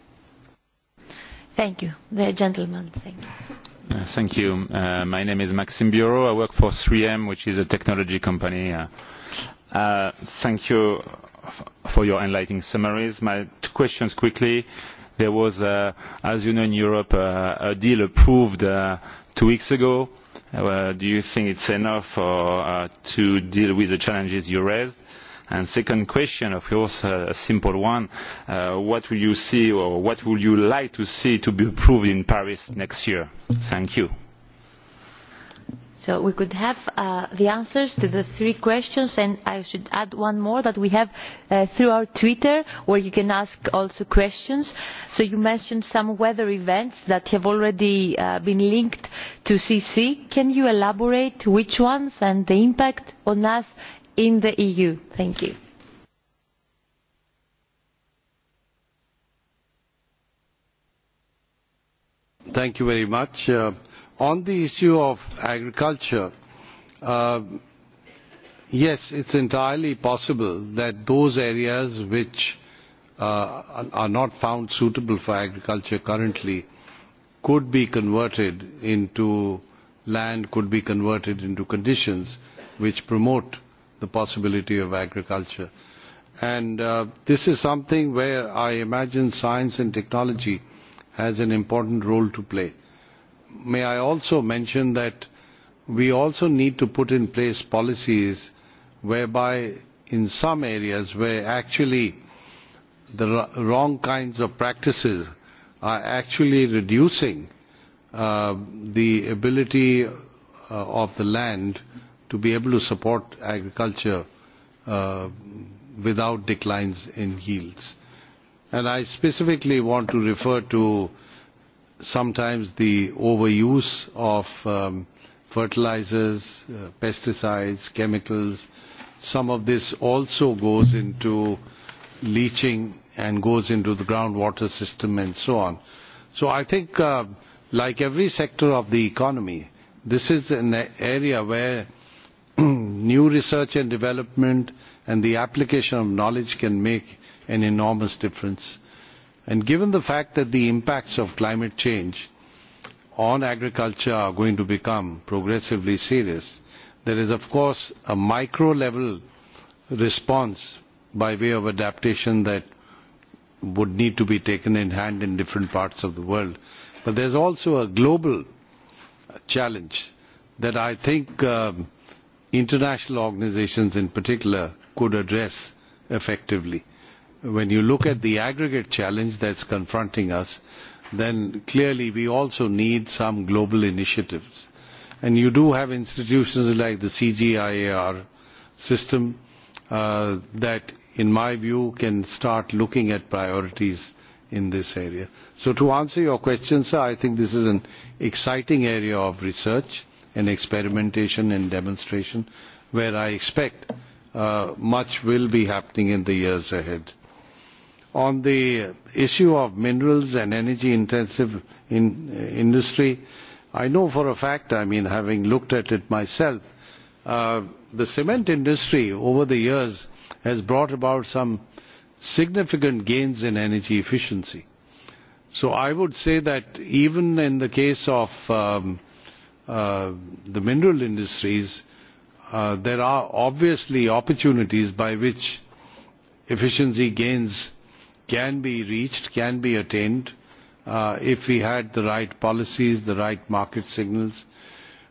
Thank you. The gentleman, thank you. Uh, thank you. Uh, my name is Maxim Bureau. I work for 3M, which is a technology company. Uh, thank you for your enlightening summaries. My two questions quickly. There was, uh, as you know, in Europe, uh, a deal approved uh, two weeks ago. Uh, do you think it is enough uh, to deal with the challenges you raised? And second question, of course, uh, a simple one, uh, what will you see or what would you like to see to be approved in Paris next year? Thank you so we could have uh, the answers to the three questions and i should add one more that we have uh, through our twitter where you can ask also questions so you mentioned some weather events that have already uh, been linked to cc can you elaborate which ones and the impact on us in the eu thank you thank you very much uh, on the issue of agriculture uh, yes it is entirely possible that those areas which uh, are not found suitable for agriculture currently could be converted into land could be converted into conditions which promote the possibility of agriculture and uh, this is something where i imagine science and technology has an important role to play may i also mention that we also need to put in place policies whereby in some areas where actually the wrong kinds of practices are actually reducing uh, the ability uh, of the land to be able to support agriculture uh, without declines in yields and i specifically want to refer to uh, sometimes the overuse of um, fertilisers uh, pesticides chemicals some of this also goes into leaching and goes into the groundwater system and so on so i think uh, like every sector of the economy this is an area where new research and development and the application of knowledge can make an enormous difference given the fact that the impacts of climate change on agriculture are going to become progressively serious there is of course a micro level response by way of adaptation that would need to be taken in hand in different parts of the world but there is also a global challenge that i think um, international organisations in particular could address effectively when you look at the aggregate challenge that's confronting us, then clearly we also need some global initiatives. And you do have institutions like the CGIAR system uh, that, in my view, can start looking at priorities in this area. So to answer your question, sir, I think this is an exciting area of research and experimentation and demonstration where I expect uh, much will be happening in the years ahead on the issue of minerals and energy intensive in, uh, industry, I know for a fact, I mean, having looked at it myself, uh, the cement industry over the years has brought about some significant gains in energy efficiency. So I would say that even in the case of um, uh, the mineral industries, uh, there are obviously opportunities by which efficiency gains can be reached can be attained uh, if we had the right policies the right market signals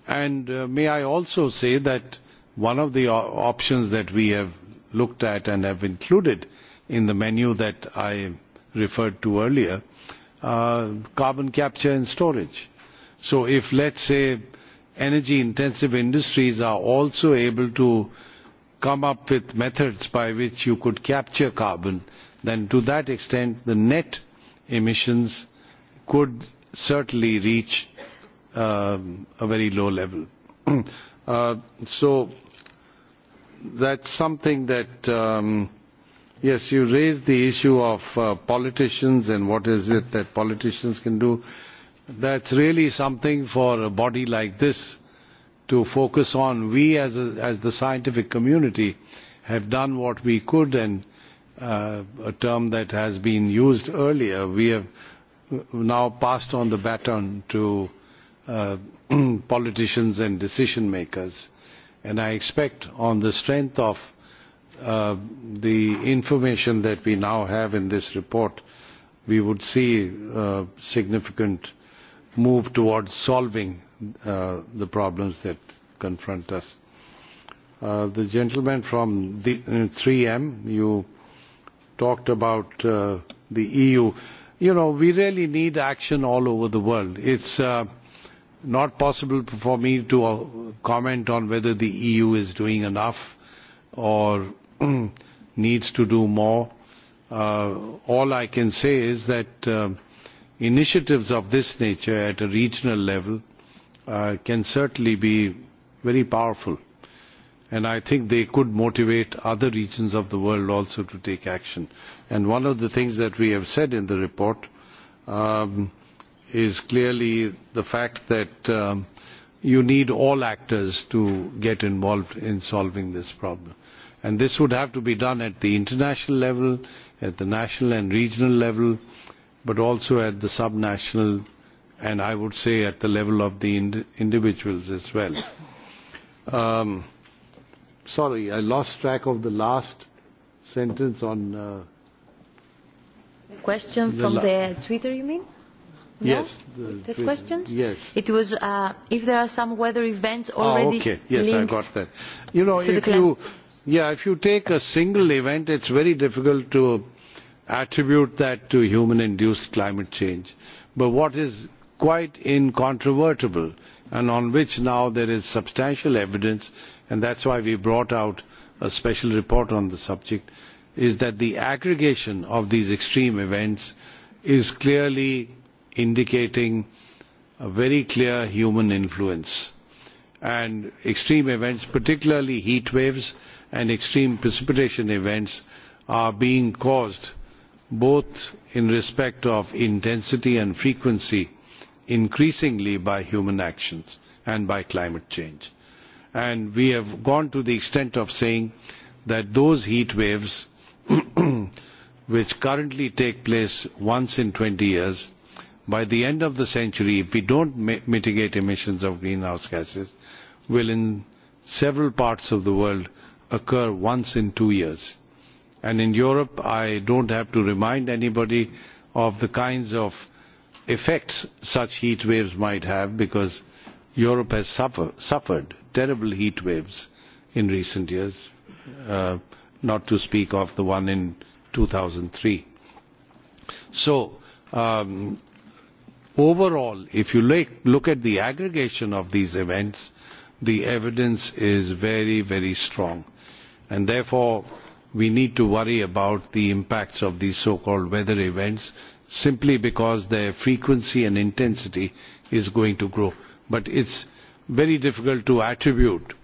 and uh, may i also say that one of the uh, options that we have looked at and have included in the menu that i referred to earlier uh, carbon capture and storage so if let's say energy intensive industries are also able to come up with methods by which you could capture carbon then to that extent the net emissions could certainly reach uh, a very low level. uh, so that's something that, um, yes, you raised the issue of uh, politicians and what is it that politicians can do. That's really something for a body like this to focus on. We as, a, as the scientific community have done what we could and uh, a term that has been used earlier. We have now passed on the baton to uh, politicians and decision makers. And I expect on the strength of uh, the information that we now have in this report, we would see a significant move towards solving uh, the problems that confront us. Uh, the gentleman from the, uh, 3M, you uh, talked about uh, the EU. You know, we really need action all over the world. It's uh, not possible for me to uh, comment on whether the EU is doing enough or needs to do more. Uh, all I can say is that uh, initiatives of this nature at a regional level uh, can certainly be very powerful and i think they could motivate other regions of the world also to take action and one of the things that we have said in the report um, is clearly the fact that um, you need all actors to get involved in solving this problem and this would have to be done at the international level at the national and regional level but also at the subnational and i would say at the level of the ind- individuals as well um, sorry, I lost track of the last sentence on. Uh, question the from la- the Twitter, you mean? No? Yes. The Twitter. questions? Yes. It was uh, if there are some weather events ah, already. Oh, okay. Yes, I got that. You know, if you, yeah, if you take a single event, it's very difficult to attribute that to human induced climate change. But what is quite incontrovertible and on which now there is substantial evidence and that is why we brought out a special report on the subject is that the aggregation of these extreme events is clearly indicating a very clear human influence and extreme events particularly heat waves and extreme precipitation events are being caused both in respect of intensity and frequency increasingly by human actions and by climate change and we have gone to the extent of saying that those heat waves which currently take place once in 20 years by the end of the century if we don't mitigate emissions of greenhouse gases will in several parts of the world occur once in 2 years and in europe i don't have to remind anybody of the kinds of effects such heat waves might have because europe has suffer, suffered terrible heat waves in recent years, uh, not to speak of the one in 2003. so, um, overall, if you look, look at the aggregation of these events, the evidence is very, very strong. and therefore, we need to worry about the impacts of these so-called weather events simply because their frequency and intensity is going to grow but it is very difficult to attribute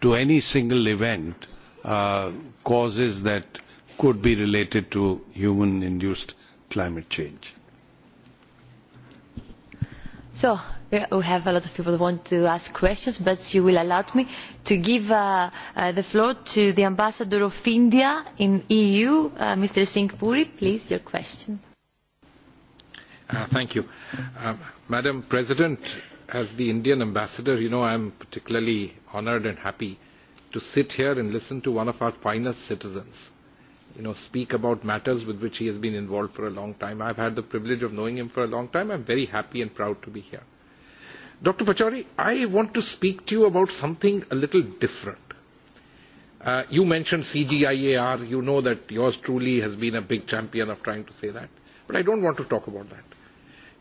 to any single event uh, causes that could be related to human induced climate change. So, we have a lot of people who want to ask questions, but you will allow me to give uh, uh, the floor to the Ambassador of India in EU, uh, Mr. Singh Puri. Please, your question. Uh, thank you. Uh, Madam President, as the Indian ambassador, you know, I am particularly honored and happy to sit here and listen to one of our finest citizens, you know, speak about matters with which he has been involved for a long time. I've had the privilege of knowing him for a long time. I'm very happy and proud to be here. Dr. Pachauri, I want to speak to you about something a little different. Uh, you mentioned CGIAR. You know that yours truly has been a big champion of trying to say that. But I don't want to talk about that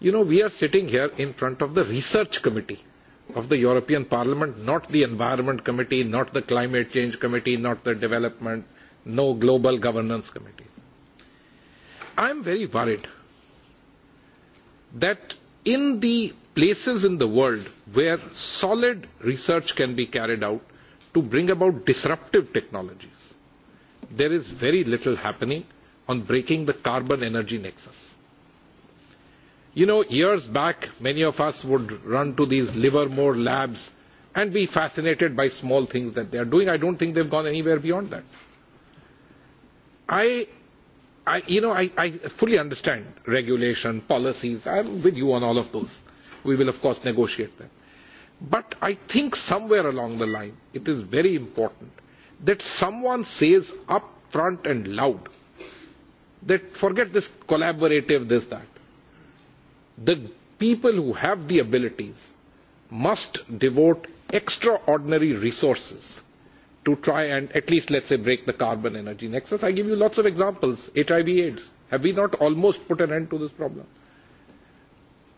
you know, we are sitting here in front of the research committee of the European Parliament, not the environment committee, not the climate change committee, not the development, no global governance committee. I am very worried that in the places in the world where solid research can be carried out to bring about disruptive technologies, there is very little happening on breaking the carbon energy nexus. You know, years back, many of us would run to these Livermore labs and be fascinated by small things that they are doing. I don't think they've gone anywhere beyond that. I, I you know, I, I fully understand regulation, policies. I'm with you on all of those. We will, of course, negotiate them. But I think somewhere along the line, it is very important that someone says up front and loud that forget this collaborative, this, that the people who have the abilities must devote extraordinary resources to try and at least let's say break the carbon energy nexus i give you lots of examples hiv aids have we not almost put an end to this problem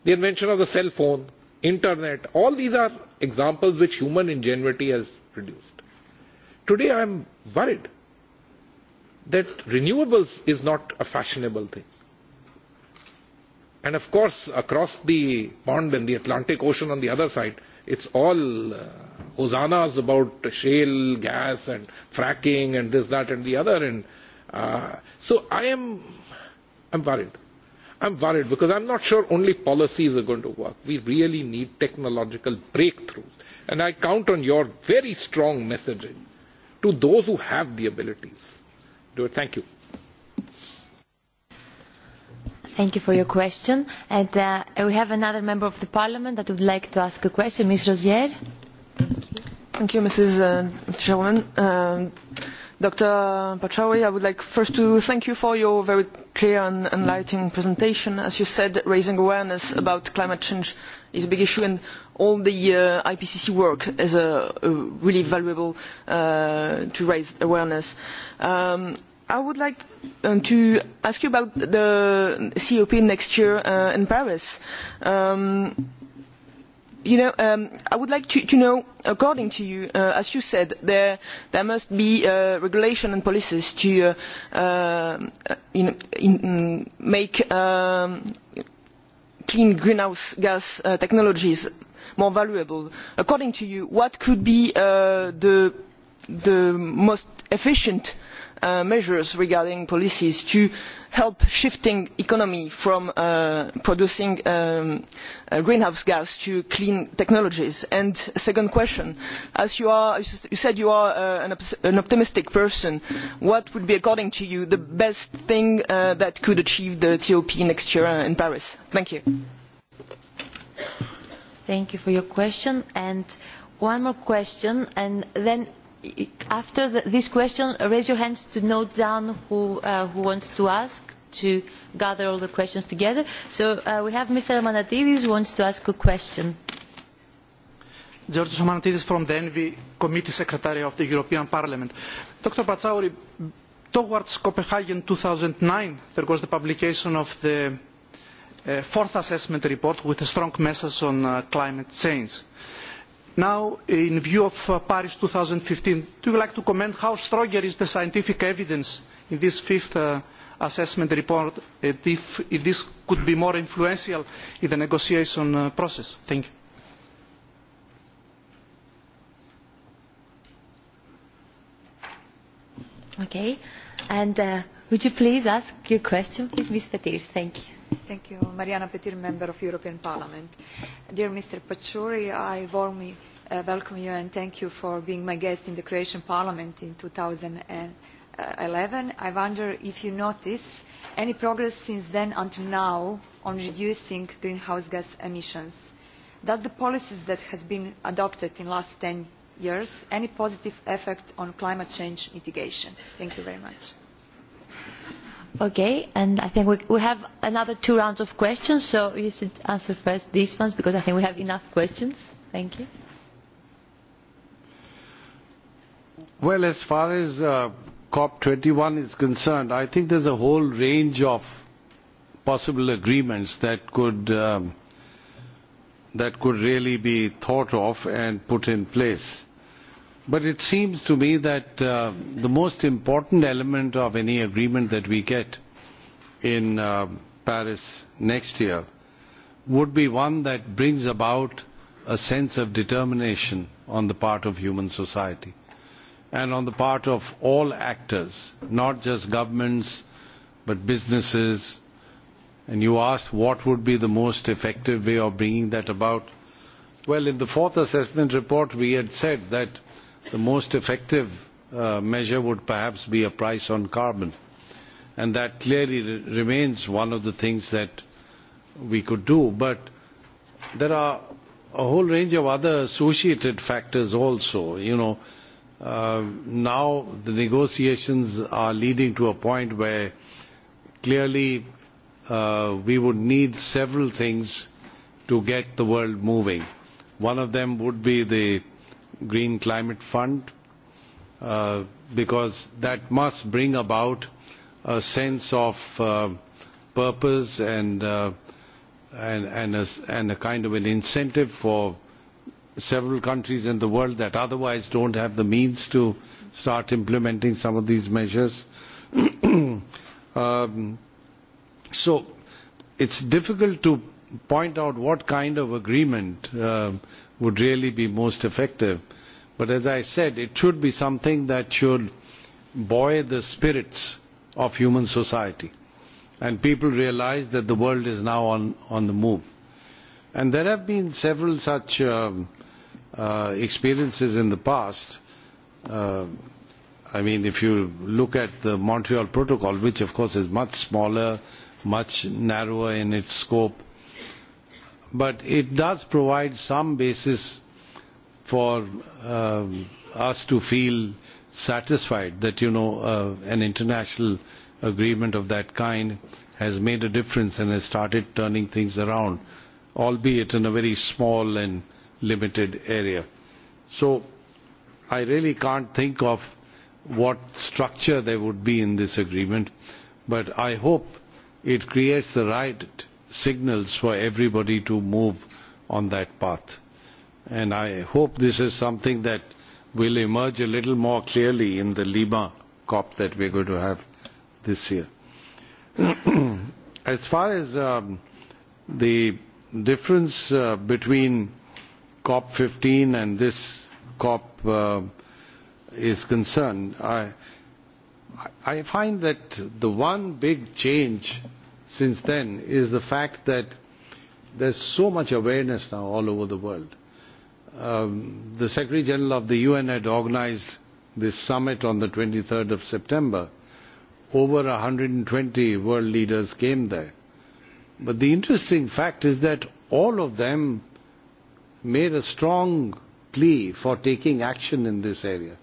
the invention of the cell phone internet all these are examples which human ingenuity has produced today i am worried that renewables is not a fashionable thing and of course across the pond and the atlantic ocean on the other side it's all uh, hosannas about shale gas and fracking and this that and the other and uh, so i am i'm worried i'm worried because i'm not sure only policies are going to work we really need technological breakthroughs and i count on your very strong messaging to those who have the abilities do it thank you thank you for your question and uh, we have another member of the parliament that would like to ask a question ms rozire thank you mrs uh, chairman um, dr pachauri i would like first to thank you for your very clear and enlightening presentation as you said raising awareness about climate change is a big issue and all the uh, ipcc work is really valuable to raise awareness. Um, i would like um, to ask you about the cop next year uh, in paris. Um, um, i would like to know according to you uh, as you said there must be uh, regulation and policies to make clean greenhouse gas technologies more valuable. according to you what could be the most efficient Uh, measures regarding policies to help shift the economy from uh, producing um, uh, greenhouse gases to clean technologies? second question as you said you are an optimistic person what would be according to you the best thing that could achieve the cop next year in paris? thank you. thank you for your question. one more question and then after this question raise your hands to note down uh, who wants to ask to gather all the questions together. So uh, we have Mr. Manatidis who wants to ask a question. George Manatidis from the Envy Committee Secretary of the European Parliament. Dr. Batsauri, towards Copenhagen 2009, there was the publication of the uh, fourth assessment report with a strong message on uh, climate change. Uh, now in view of uh, paris two thousand and fifteen would you like to comment on how much stronger the scientific evidence in this fifth uh, assessment report is and if this could be more influential in the negotiation uh, process? would you please ask your question mr mr pacuri i warmly uh, welcome you and thank you for being my guest in the croatian parliament in. two thousand and eleven i wonder if you noticed any progress since then until now on reducing greenhouse gas emissions. does the policy that has been adopted in the last ten years have any positive effect on climate change mitigation? okay and i think we have another two rounds of questions so you should answer first these ones because i think we have enough questions. thank you. well as far as uh, cop21 is concerned i think there's a whole range of possible agreements that could um, that could really be thought of and put in place but it seems to me that uh, the most important element of any agreement that we get in uh, paris next year would be one that brings about a sense of determination on the part of human society and on the part of all actors not just governments but businesses and you asked what would be the most effective way of bringing that about well in the fourth assessment report we had said that the most effective uh, measure would perhaps be a price on carbon. And that clearly re- remains one of the things that we could do. But there are a whole range of other associated factors also. You know, uh, now the negotiations are leading to a point where clearly uh, we would need several things to get the world moving. One of them would be the green climate fund uh, because that must bring about a sense of uh, purpose and uh, and and a, and a kind of an incentive for several countries in the world that otherwise don't have the means to start implementing some of these measures um, so it's difficult to point out what kind of agreement uh, would really be most effective. But as I said, it should be something that should buoy the spirits of human society. And people realize that the world is now on, on the move. And there have been several such um, uh, experiences in the past. Uh, I mean, if you look at the Montreal Protocol, which of course is much smaller, much narrower in its scope, uh, but it does provide some basis for uh, us to feel satisfied that you know uh, an international agreement of that kind has made a difference and has started turning things around albeit in a very small and limited area so i really can't think of what structure there would be in this agreement but i hope it creates the right uh, signals for everybody to move on that path. And I hope this is something that will emerge a little more clearly in the Lima COP that we're going to have this year. as far as um, the difference uh, between COP15 and this COP uh, is concerned, I, I find that the one big change since then is the fact that there's so much awareness now all over the world. Um, the Secretary General of the UN had organized this summit on the 23rd of September. Over 120 world leaders came there. But the interesting fact is that all of them made a strong plea for taking action in this area.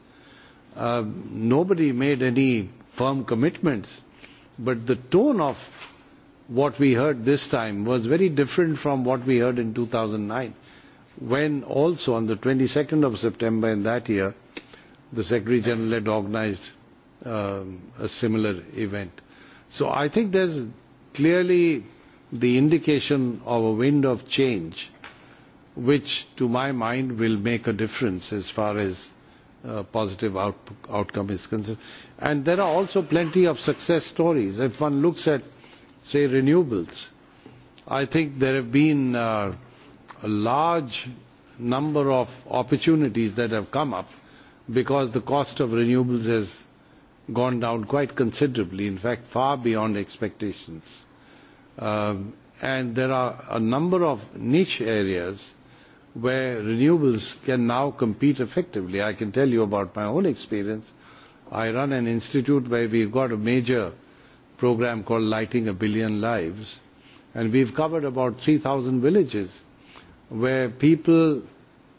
Uh, nobody made any firm commitments, but the tone of what we heard this time was very different from what we heard in 2009, when also on the 22nd of September in that year, the Secretary General had organized um, a similar event. So I think there's clearly the indication of a wind of change, which to my mind will make a difference as far as a uh, positive out- outcome is concerned. And there are also plenty of success stories. If one looks at say renewables. I think there have been uh, a large number of opportunities that have come up because the cost of renewables has gone down quite considerably, in fact far beyond expectations. Um, and there are a number of niche areas where renewables can now compete effectively. I can tell you about my own experience. I run an institute where we've got a major program called Lighting a Billion Lives. And we've covered about 3,000 villages where people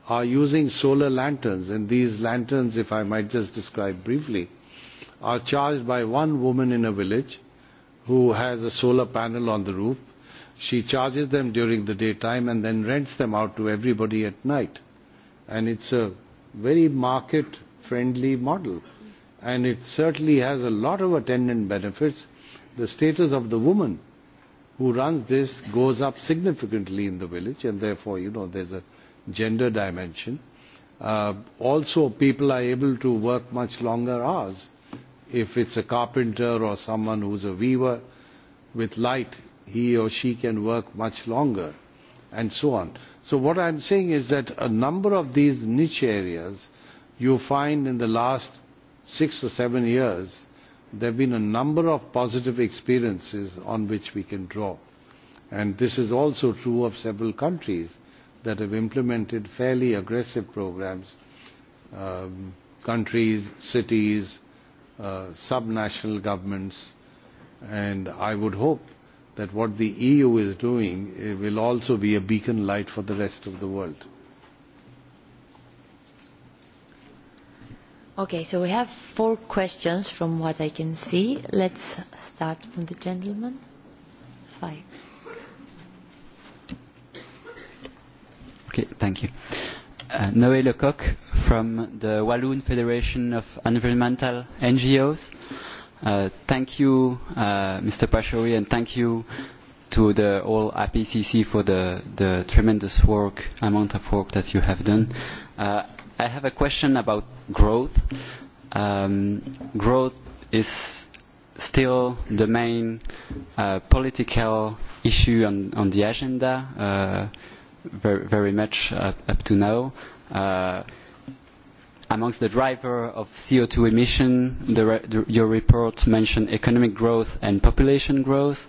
are using solar lanterns. And these lanterns, if I might just describe briefly, are charged by one woman in a village who has a solar panel on the roof. She charges them during the daytime and then rents them out to everybody at night. And it's a very market friendly model. And it certainly has a lot of attendant benefits the status of the woman who runs this goes up significantly in the village and therefore you know there's a gender dimension uh, also people are able to work much longer hours if it's a carpenter or someone who's a weaver with light he or she can work much longer and so on so what i'm saying is that a number of these niche areas you find in the last 6 or 7 years there have been a number of positive experiences on which we can draw. And this is also true of several countries that have implemented fairly aggressive programs, um, countries, cities, uh, subnational governments, and I would hope that what the EU is doing will also be a beacon light for the rest of the world. Okay, so we have four questions from what I can see. Let's start from the gentleman. Five. Okay, thank you. Uh, Noé Lecoq from the Walloon Federation of Environmental NGOs. Uh, thank you, uh, Mr. Pashori, and thank you to the all IPCC for the, the tremendous work, amount of work that you have done. Uh, I have a question about growth. Um, growth is still the main uh, political issue on, on the agenda, uh, very, very much up, up to now. Uh, amongst the driver of CO2 emission, the re the, your report mentioned economic growth and population growth.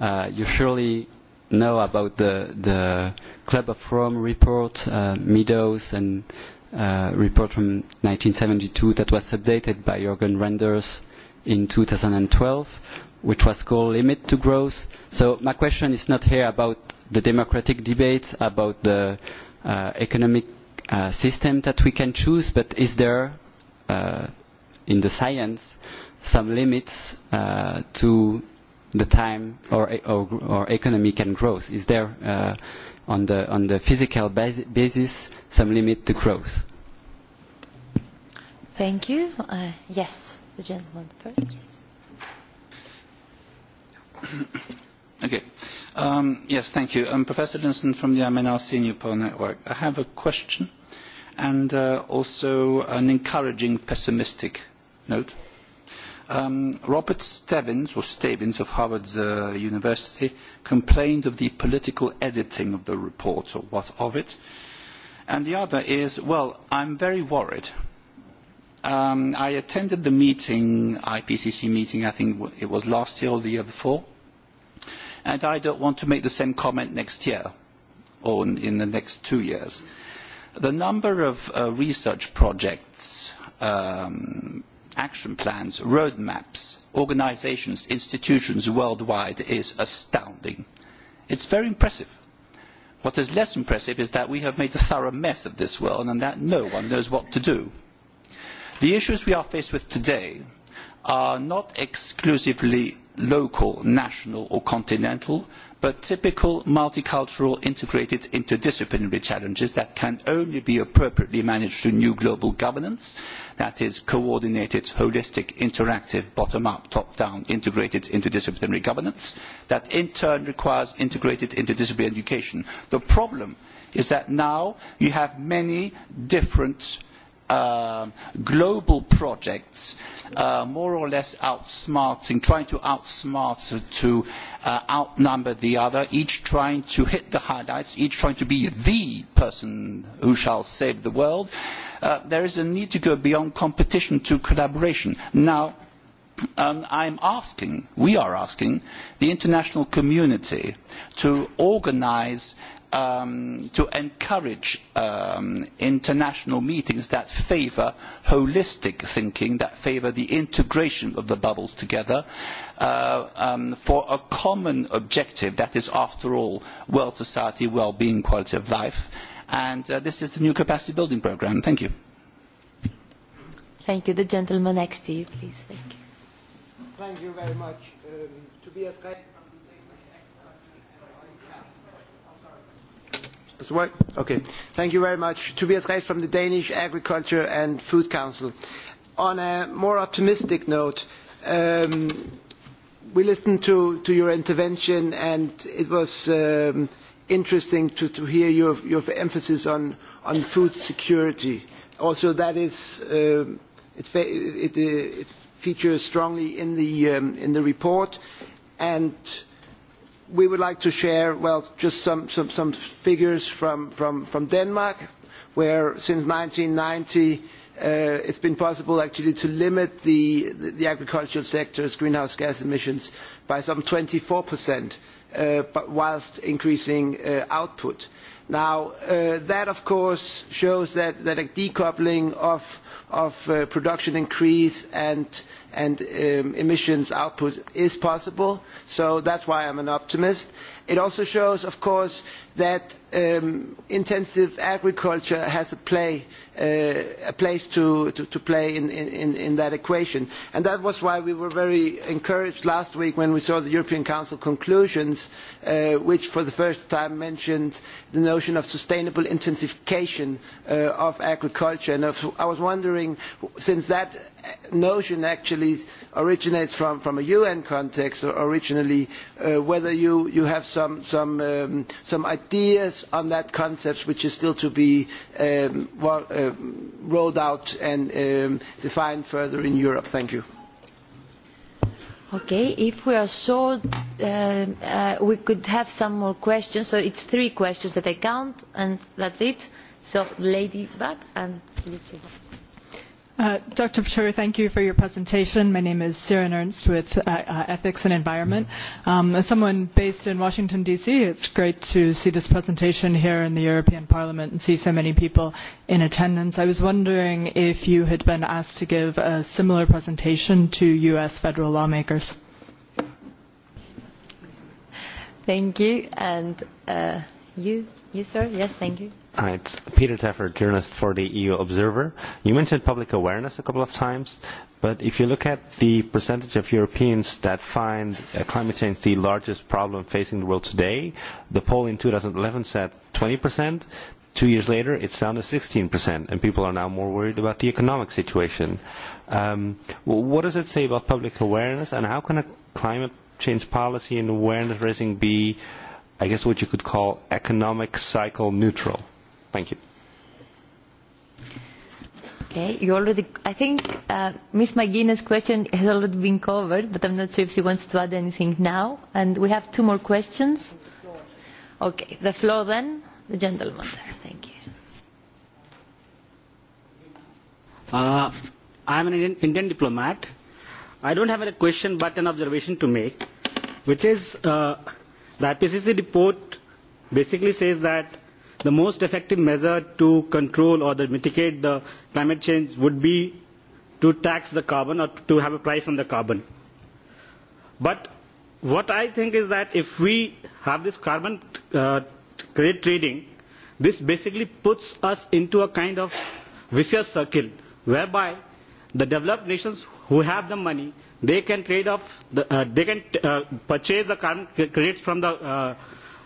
Uh, you surely know about the, the Club of Rome report, uh, Meadows and uh, uh, report from 1972 that was updated by Jorgen Renders in 2012, which was called Limit to Growth. So my question is not here about the democratic debate, about the uh, economic uh, system that we can choose, but is there uh, in the science some limits uh, to the time or, or, or economy can grow? Is there uh, on the, on the physical basis some limit to growth. Thank you. Uh, yes, the gentleman first. Yes. okay. Um, yes, thank you. I'm Professor Denson from the MNLC Newport Network. I have a question and uh, also an encouraging pessimistic note um, Robert Stebbins, or Stebbins of Harvard uh, University, complained of the political editing of the report, or what of it. And the other is, well, I'm very worried. Um, I attended the meeting, IPCC meeting, I think it was last year or the year before, and I don't want to make the same comment next year or in the next two years. The number of uh, research projects um, action plans roadmaps organisations institutions worldwide is astounding. it is very impressive. what is less impressive is that we have made a thorough mess of this world and that no one knows what to do. the issues we are faced with today are not exclusively local national or continental but typical multicultural integrated interdisciplinary challenges that can only be appropriately managed through new global governance that is coordinated holistic interactive bottom up top down integrated interdisciplinary governance that in turn requires integrated interdisciplinary education. the problem is that now you have many different Um, global projects uh, more or less outsmarting trying to outsmart to uh, outnumber the other each trying to hit the highlights each trying to be the person who shall save the world uh, there is a need to go beyond competition to collaboration. now i am um, asking we are asking the international community to organise um, to encourage um, international meetings that favour holistic thinking that favour the integration of the bubbles together uh, for a common objective that is after all world society well being and quality of life and uh, this is the new capacity building programme thank you very much. Um, Tobias Kai. Work? Okay. Thank you very much. Tobias Reis from the Danish Agriculture and Food Council. On a more optimistic note, um, we listened to, to your intervention and it was um, interesting to, to hear your, your emphasis on, on food security. Also, that is, uh, it, fa- it, uh, it features strongly in the, um, in the report. And we would like to share, well, just some, some, some figures from, from, from Denmark, where since 1990, uh, it's been possible actually to limit the, the, the agricultural sector's greenhouse gas emissions by some 24%, uh, but whilst increasing uh, output. Uh, that, of course, shows that a decoupling of uh, production increase and um, emissions output is possible. That's why I'm an optimist. It also shows, of course, that um, intensive agriculture has a play uh, a place to, to, to play in, in, in that equation. And that was why we were very encouraged last week when we saw the European Council conclusions, uh, which for the first time mentioned the notion of sustainable intensification uh, of agriculture. And I was wondering, since that notion actually originates from, from a UN context originally, uh, whether you, you have some, some, um, some ideas on that concept which is still to be um, well, uh, uh, rolled out and um, defined further in Europe. Thank you. Okay, if we are sure, uh, uh, we could have some more questions. So it's three questions that I count, and that's it. So, lady back and Felicia. Back. Uh, Dr. Pachauri, thank you for your presentation. My name is Siren Ernst with uh, uh, Ethics and Environment. Um, as someone based in Washington, D.C., it's great to see this presentation here in the European Parliament and see so many people in attendance. I was wondering if you had been asked to give a similar presentation to U.S. federal lawmakers. Thank you. And uh, you? Yes, sir. Yes, thank you. Hi, uh, it's Peter Teffer, journalist for the EU Observer. You mentioned public awareness a couple of times, but if you look at the percentage of Europeans that find uh, climate change the largest problem facing the world today, the poll in 2011 said 20%. Two years later, it's down to 16%, and people are now more worried about the economic situation. Um, well, what does it say about public awareness, and how can a climate change policy and awareness raising be uh, I guess what you could call economic cycle neutral. Thank you. Okay, you already, I think uh, Ms. McGuinness' question has already been covered, but I'm not sure if she wants to add anything now. And we have two more questions. Okay, the floor then, the gentleman there, thank you. Uh, I'm an Indian diplomat. I don't have a question, but an observation to make, which is, uh, The IPCC report basically says that the most effective measure to control or to mitigate the climate change would be to tax the carbon or to have a price on the carbon. But what I think is that if we have this carbon uh, credit trading, this basically puts us into a kind of vicious circle whereby the developed nations who have the money they can trade off the, uh, they can uh, purchase the current credits from the uh,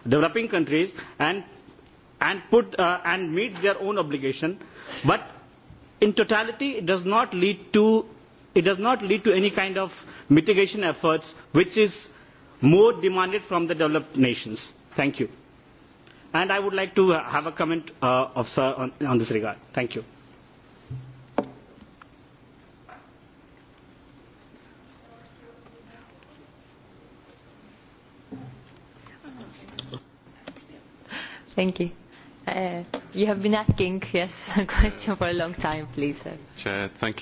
developing countries and and put uh, and meet their own obligation but in totality it does not lead to it does not lead to any kind of mitigation efforts which is more demanded from the developed nations thank you and i would like to uh, have a comment uh, of sir on, on this regard thank you thank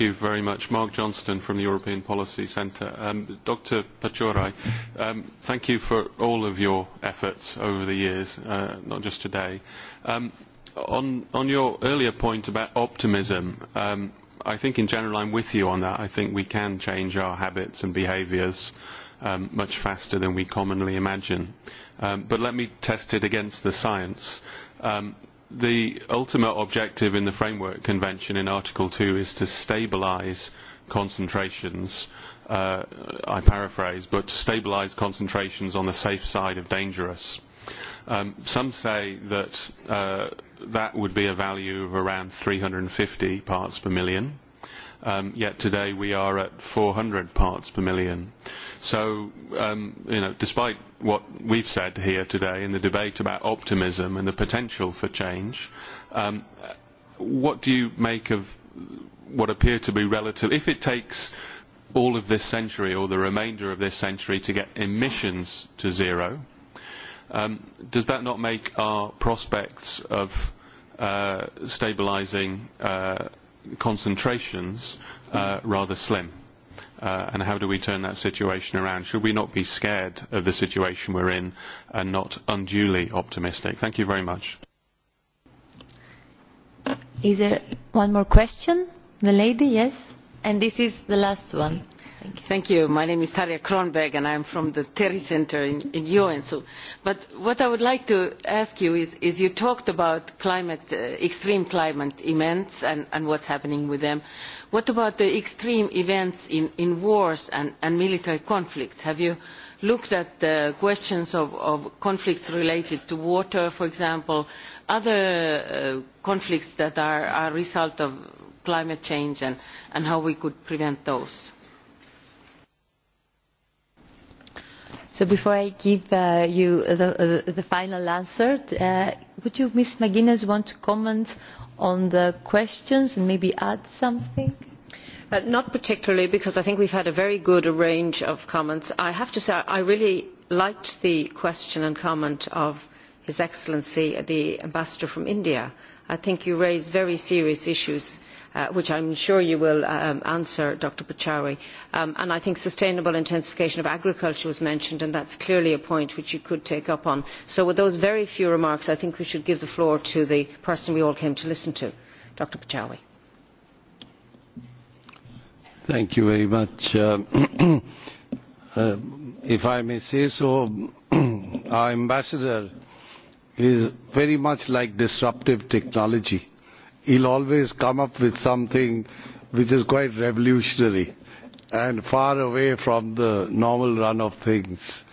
you very much. mark johnston from the european policy centre. Um, dr pachauri, um, thank you for all of your efforts over the years, uh, not just today. Um, on, on your earlier point about optimism, um, i think in general i'm with you on that. i think we can change our habits and behaviours um, much faster than we commonly imagine. Um, but let me test it against the science. Um, the ultimate objective in the Framework Convention in Article 2 is to stabilize concentrations, uh, I paraphrase, but to stabilize concentrations on the safe side of dangerous. Um, some say that uh, that would be a value of around 350 parts per million, um, yet today we are at 400 parts per million. Uh, So, um, you know, despite what we've said here today in the debate about optimism and the potential for change, um, what do you make of what appear to be relative? If it takes all of this century or the remainder of this century to get emissions to zero, um, does that not make our prospects of uh, stabilizing uh, concentrations uh, rather slim? uh, and how do we turn that situation around? Should we not be scared of the situation we're in and not unduly optimistic? Thank you very much. Uh, is there one more question? The lady, yes. And this is the last one. Thank you. Thank you. My name is Tarja Kronberg, and I'm from the Terry Center in, in UN. So, but what I would like to ask you is, is you talked about climate, uh, extreme climate events and, and what's happening with them. Uh, what about the extreme events in wars and military conflicts? have you looked at the questions of conflicts related to water for example and other uh, conflicts that are a result of climate change and how we could prevent those? So before I give uh, you the, uh, the final answer, uh, would you, Ms. McGuinness, want to comment on the questions and maybe add something? Uh, not particularly, because I think we've had a very good range of comments. I have to say, I really liked the question and comment of his excellency the ambassador from india. i think you raise very serious issues uh, which i am sure you will uh, um, answer dr pachauri. Um, i think sustainable intensification of agriculture was mentioned and that is clearly a point which you could take up. so with those very few remarks i think we should give the floor to the person we all came to listen to dr pachauri. Thank you very much. Uh, uh, if I may say so, our ambassador is very much like disruptive technology. He'll always come up with something which is quite revolutionary and far away from the normal run of things.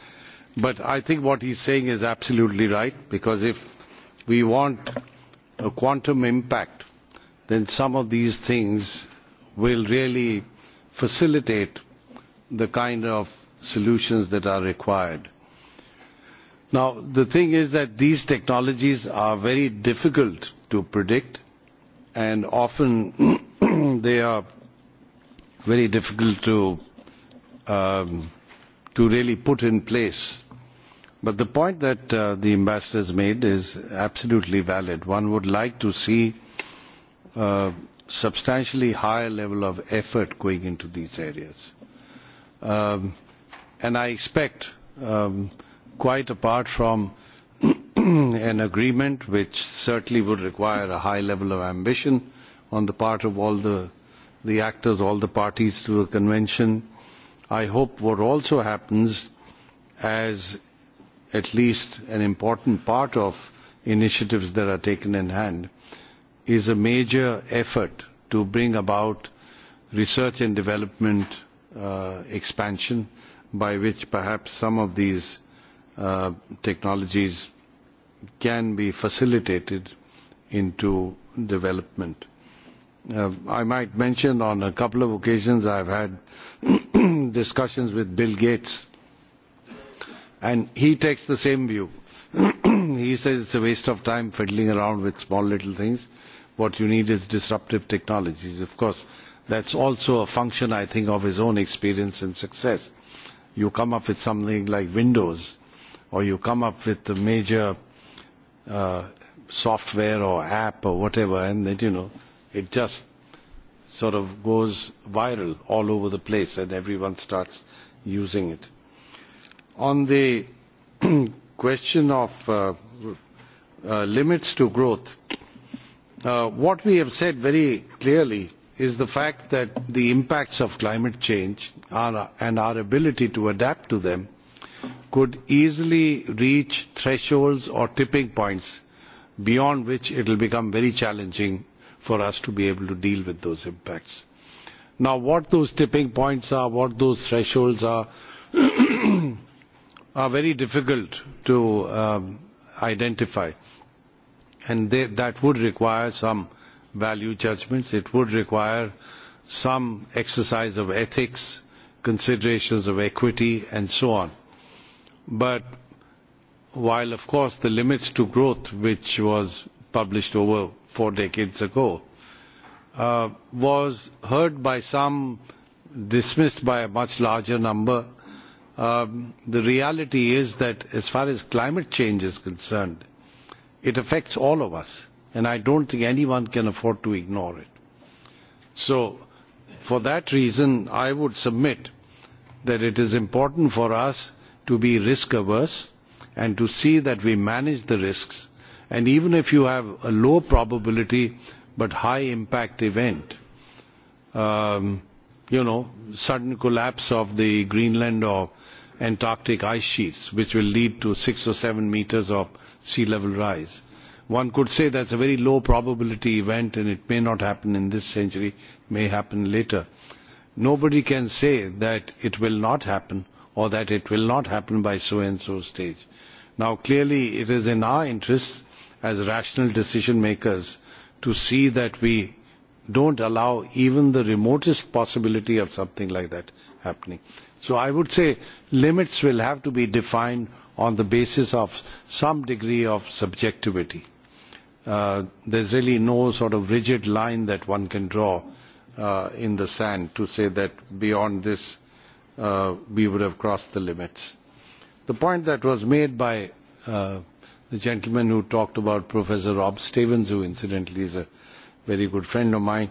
But I think what he's saying is absolutely right because if we want a quantum impact, then some of these things will really facilitate the kind of solutions that are required the thing is that these technologies are very difficult to predict and often they are very difficult to um, to really put in place but the point that uh, the ambassador has made is absolutely valid one would like to see a substantially higher level of effort going into these areas um, and i expect um, quite apart from an agreement which certainly would require a high level of ambition on the part of all the, the actors, all the parties to the convention, I hope what also happens as at least an important part of initiatives that are taken in hand is a major effort to bring about research and development uh, expansion by which perhaps some of these Uh, technologies can be facilitated into development. Uh, I might mention on a couple of occasions I've had discussions with Bill Gates and he takes the same view. he says it's a waste of time fiddling around with small little things. What you need is disruptive technologies. Of course, that's also a function, I think, of his own experience and success. You come up with something like Windows or you come up with a major uh, software or app or whatever, and that you know, it just sort of goes viral all over the place, and everyone starts using it. On the question of uh, uh, limits to growth. Uh, what we have said very clearly is the fact that the impacts of climate change are, and our ability to adapt to them uh, could easily reach thresholds or tipping points beyond which it will become very challenging for us to be able to deal with those impacts. Now, what those tipping points are, what those thresholds are, are very difficult to um, identify. And they, that would require some value judgments. It would require some exercise of ethics, considerations of equity, and so on but while of course the limits to growth which was published over four decades ago uh, was heard by some dismissed by a much larger number um, the reality is that as far as climate change is concerned it affects all of us and I don't think anyone can afford to ignore it so for that reason I would submit that it is important for us to be risk averse and to see that we manage the risks. And even if you have a low probability but high impact event, um, you know, sudden collapse of the Greenland or Antarctic ice sheets, which will lead to six or seven meters of sea level rise. One could say that's a very low probability event and it may not happen in this century, may happen later. Nobody can say that it will not happen, or that it will not happen by so and so stage. Now, clearly, it is in our interest as rational decision makers to see that we don't allow even the remotest possibility of something like that happening. So I would say limits will have to be defined on the basis of some degree of subjectivity. Uh, there's really no sort of rigid line that one can draw uh, in the sand to say that beyond this uh, Uh, we would have crossed the limits. the point that was made by uh, the gentleman who talked about professor rob stevens who incidentally is a very good friend of mine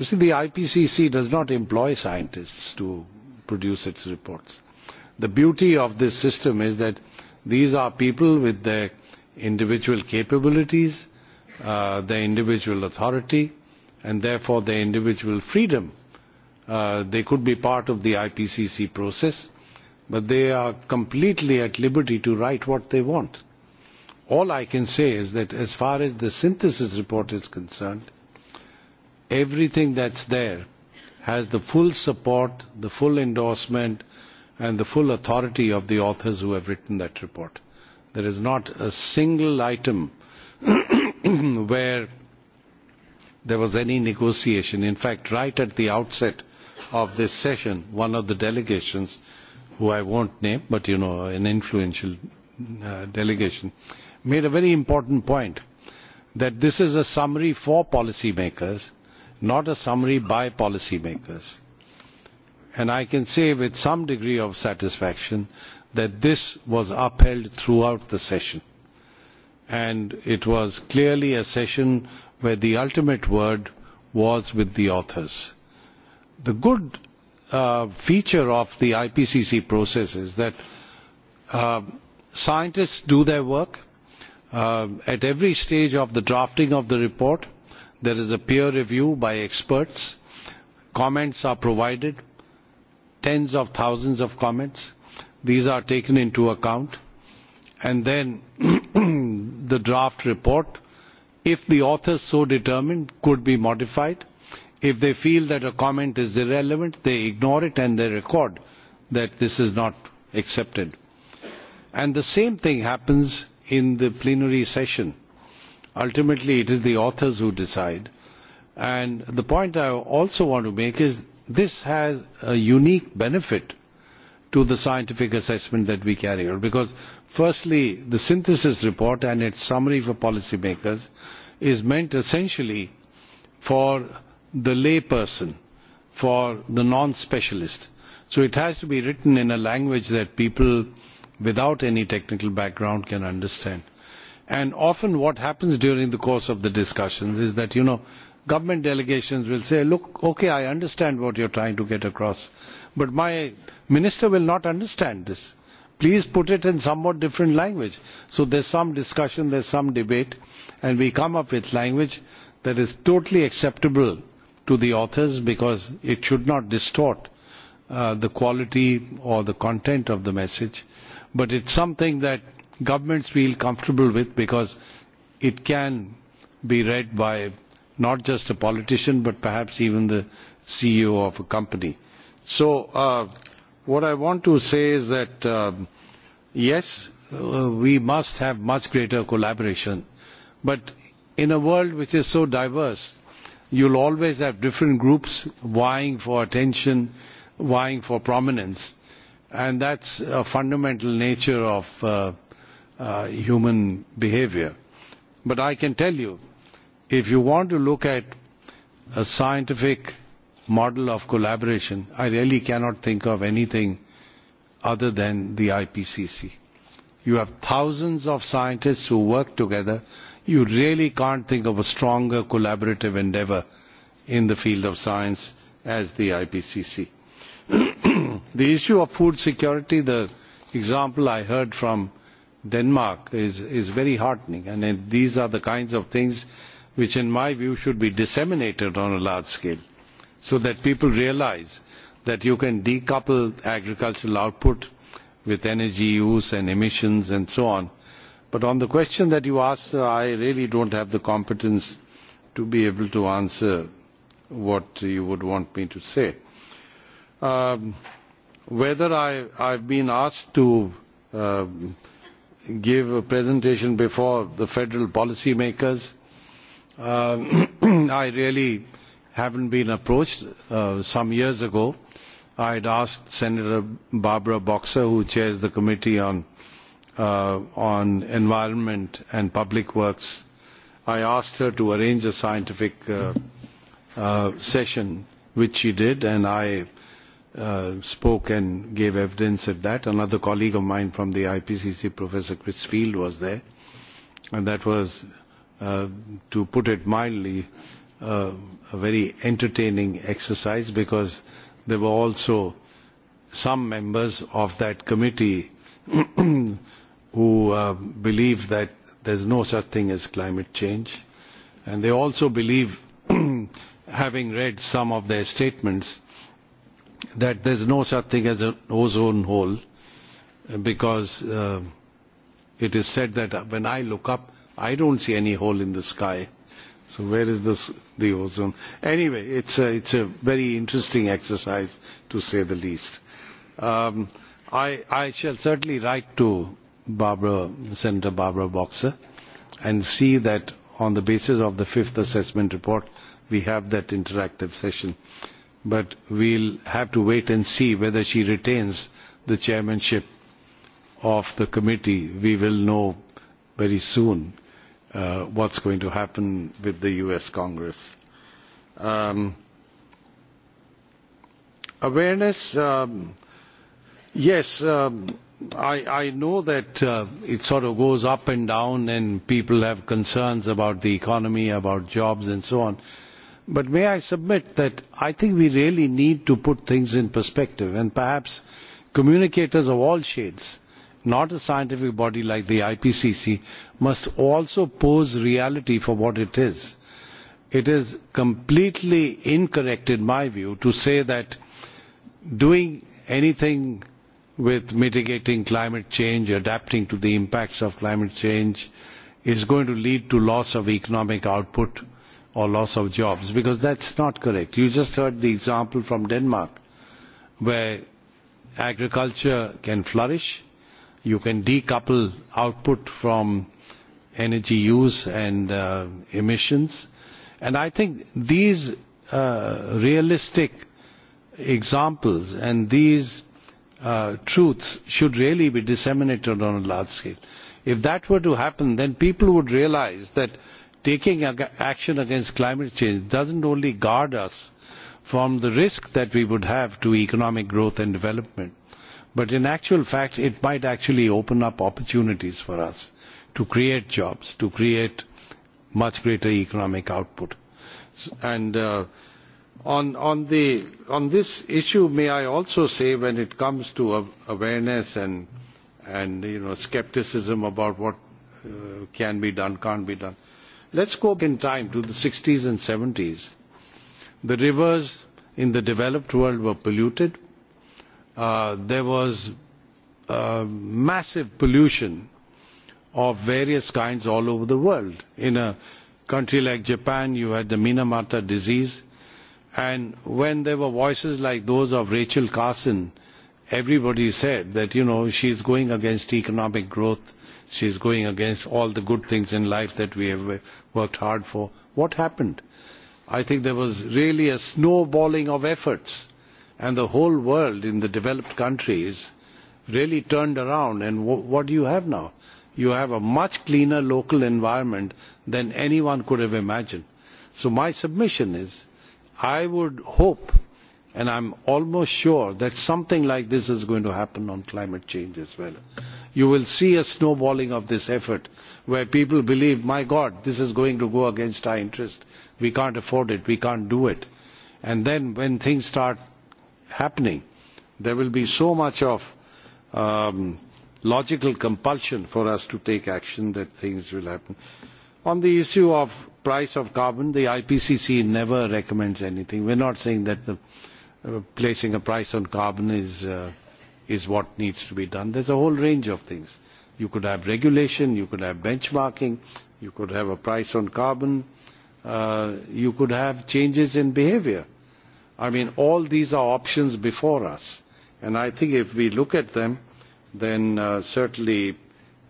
you see the ipcc does not employ scientists to produce its reports. the beauty of this system is that these are people with their individual capabilities uh, their individual authority and therefore their individual freedom Uh, they could be part of the ipcc process but they are completely at liberty to write what they want all i can say is that as far as the synthesis report is concerned everything that's there has the full support the full endorsement and the full authority of the authors who have written that report there is not a single item where there was any negotiation in fact right at the outset of this session, one of the delegations, who I won't name, but you know, an influential uh, delegation, made a very important point that this is a summary for policymakers, not a summary by policymakers. And I can say with some degree of satisfaction that this was upheld throughout the session. And it was clearly a session where the ultimate word was with the authors the good uh, feature of the IPCC process is that uh, scientists do their work. Uh, at every stage of the drafting of the report, there is a peer review by experts. Comments are provided, tens of thousands of comments. These are taken into account. And then the draft report, if the authors so determined, could be modified if they feel that a comment is irrelevant they ignore it and they record that this is not accepted and the same thing happens in the plenary session ultimately it is the authors who decide and the point i also want to make is this has a unique benefit to the scientific assessment that we carry out because firstly the synthesis report and its summary for policymakers is meant essentially for the layperson for the non specialist so it has to be written in a language that people without any technical background can understand and often what happens during the course of the discussions is that you know government delegations will say look okay i understand what you're trying to get across but my minister will not understand this please put it in somewhat different language so there's some discussion there's some debate and we come up with language that is totally acceptable to the authors because it should not distort uh, the quality or the content of the message. But it's something that governments feel comfortable with because it can be read by not just a politician but perhaps even the CEO of a company. So uh, what I want to say is that uh, yes, uh, we must have much greater collaboration. But in a world which is so diverse, you will always have different groups vying for attention vying for prominence and that is a fundamental nature of uh, uh, human behavior. But I can tell you, if you want to look at a scientific model of collaboration, I really cannot think of anything other than the IPCC. You have thousands of scientists who work together you really can't think of a stronger collaborative endeavour in the field of science as the IPCC. the issue of food security, the example I heard from Denmark is, is very heartening and it, these are the kinds of things which in my view should be disseminated on a large scale so that people realize that you can decouple agricultural output with energy use and emissions and so on but on the question that you asked i really do not have the competence to be able to answer what you would want me to say. Um, whether i have been asked to um, give a presentation before the federal policy makers um, i really haven't been approached uh, some years ago i had asked senator barbara boxer who chairs the committee on uh, on environment and public works, I asked her to arrange a scientific uh, uh, session, which she did, and I uh, spoke and gave evidence of that. Another colleague of mine from the IPCC, Professor Chris Field, was there, and that was, uh, to put it mildly, uh, a very entertaining exercise because there were also some members of that committee who uh, believe that there is no such thing as climate change. And they also believe, having read some of their statements, that there is no such thing as an ozone hole uh, because uh, it is said that when I look up, I don't see any hole in the sky. So where is this, the ozone? Anyway, it's a, it's a very interesting exercise, to say the least. Um, I, I shall certainly write to Barbara, Senator Barbara Boxer and see that on the basis of the fifth assessment report, we have that interactive session. But we'll have to wait and see whether she retains the chairmanship of the committee. We will know very soon uh, what's going to happen with the US Congress. Um, awareness, um, yes. Um, i know that uh, it sort of goes up and down and people have concerns about the economy about jobs and so on but may i submit that i think we really need to put things in perspective and perhaps communicators of all shades not a scientific body like the ipcc must also pose reality for what it is it is completely incorrect in my view to say that doing anything with mitigating climate change adapting to the impacts of climate change is going to lead to loss of economic output or loss of jobs because that's not correct you just heard the example from denmark where agriculture can flourish you can decouple output from energy use and uh, emissions and i think these uh, realistic examples and these uh, truths should really be disseminated on a large scale. If that were to happen, then people would realize that taking ag- action against climate change doesn't only guard us from the risk that we would have to economic growth and development, but in actual fact, it might actually open up opportunities for us to create jobs, to create much greater economic output. And uh, On this issue, may I also say, when it comes to awareness and, and you know, skepticism about what uh, can be done, can't be done, let's go in time to the 60s and 70s. The rivers in the developed world were polluted. Uh, there was uh, massive pollution of various kinds all over the world. In a country like Japan, you had the Minamata disease – and when there were voices like those of Rachel Carson, everybody said that, you know, she's going against economic growth, she's going against all the good things in life that we have worked hard for. What happened? I think there was really a snowballing of efforts, and the whole world in the developed countries really turned around, and w- what do you have now? You have a much cleaner local environment than anyone could have imagined. So my submission is, i would hope and i am almost sure that something like this is going to happen on climate change as well. you will see a snowballing of this effort where people believe my god this is going to go against our interest we can't afford it we can't do it and then when things start happening there will be so much of um, logical compulsion for us to take action that things will happen on the issue of price of carbon the ipcc never recommends anything we are not saying that the, uh, placing a price on carbon is uh, is what needs to be done there's a whole range of things you could have regulation you could have benchmarking you could have a price on carbon uh, you could have changes in behavior i mean all these are options before us and i think if we look at them then uh, certainly uh,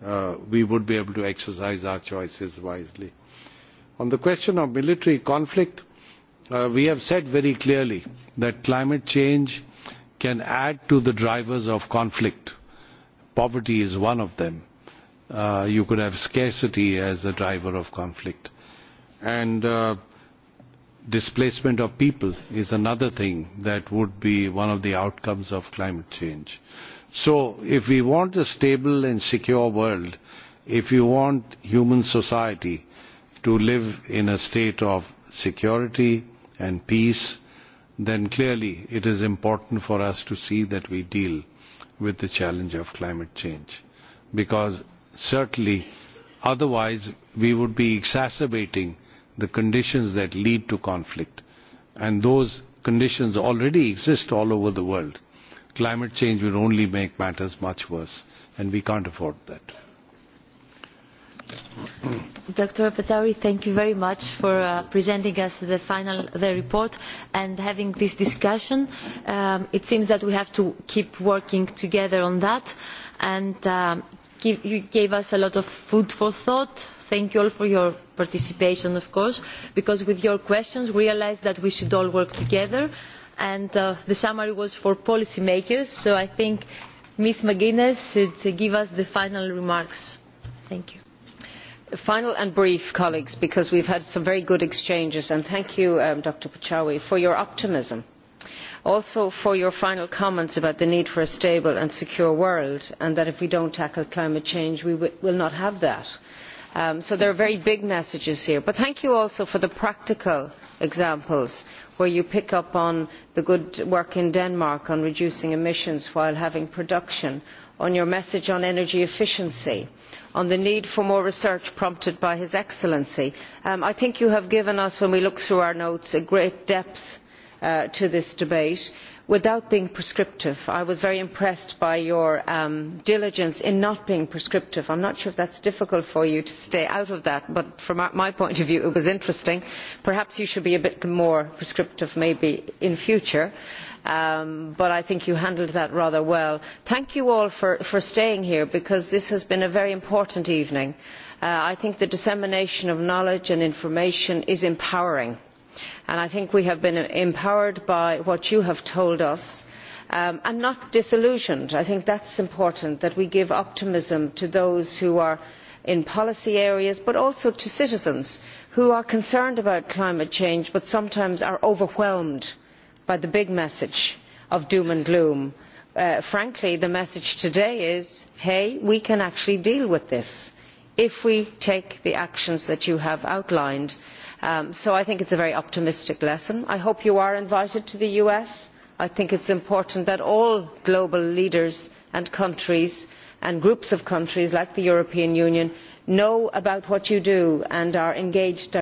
uh, we would be able to exercise our choices wisely. On the question of military conflict, uh, we have said very clearly that climate change can add to the drivers of conflict. Poverty is one of them. Uh, you could have scarcity as a driver of conflict. And uh, displacement of people is another thing that would be one of the outcomes of climate change. Uh, so if we want a stable and secure world if you want human society to live in a state of security and peace then clearly it is important for us to see that we deal with the challenge of climate change because certainly otherwise we would be exacerbating the conditions that lead to conflict and those conditions already exist all over the world climate change will only make matters much worse and we can't afford that. Dr. Patari, thank you very much for uh, presenting us the final the report and having this discussion. Um, it seems that we have to keep working together on that. And um, give, you gave us a lot of food for thought. Thank you all for your participation, of course, because with your questions, we realized that we should all work together. Uh, and uh, the summary was for policy makers so i think ms mcguinness should give us the final remarks. final and brief colleagues because we have had some very good exchanges and thank you um, dr pachauri for your optimism and also for your final comments about the need for a stable and secure world and that if we do not tackle climate change we will not have that. Um, so there are very big messages here but thank you also for the practical examples where you pick up on the good work in denmark on reducing emissions while having production on your message on energy efficiency on the need for more research prompted by his excellency. Um, i think you have given us when we look through our notes a great depth uh, to this debate without being prescriptive i was very impressed by your um, diligence in not being prescriptive. i am not sure if it is difficult for you to stay out of that but from my point of view it was interesting. perhaps you should be a bit more prescriptive in future um, but i think you handled that rather well. thank you all for staying here because this has been a very important evening. Uh, i think the dissemination of knowledge and information is empowering i think we have been empowered by what you have told us um, and not disillusioned. i think it is important that we give optimism to those who are in policy areas but also to citizens who are concerned about climate change but sometimes are overwhelmed by the big message of doom and gloom. Uh, frankly the message today is hey we can actually deal with this if we take the actions that you have outlined. Um, so i think it is a very optimistic lesson. i hope you are invited to the us. i think it is important that all global leaders and countries and groups of countries like the european union know about what you do and are engaged directly with you.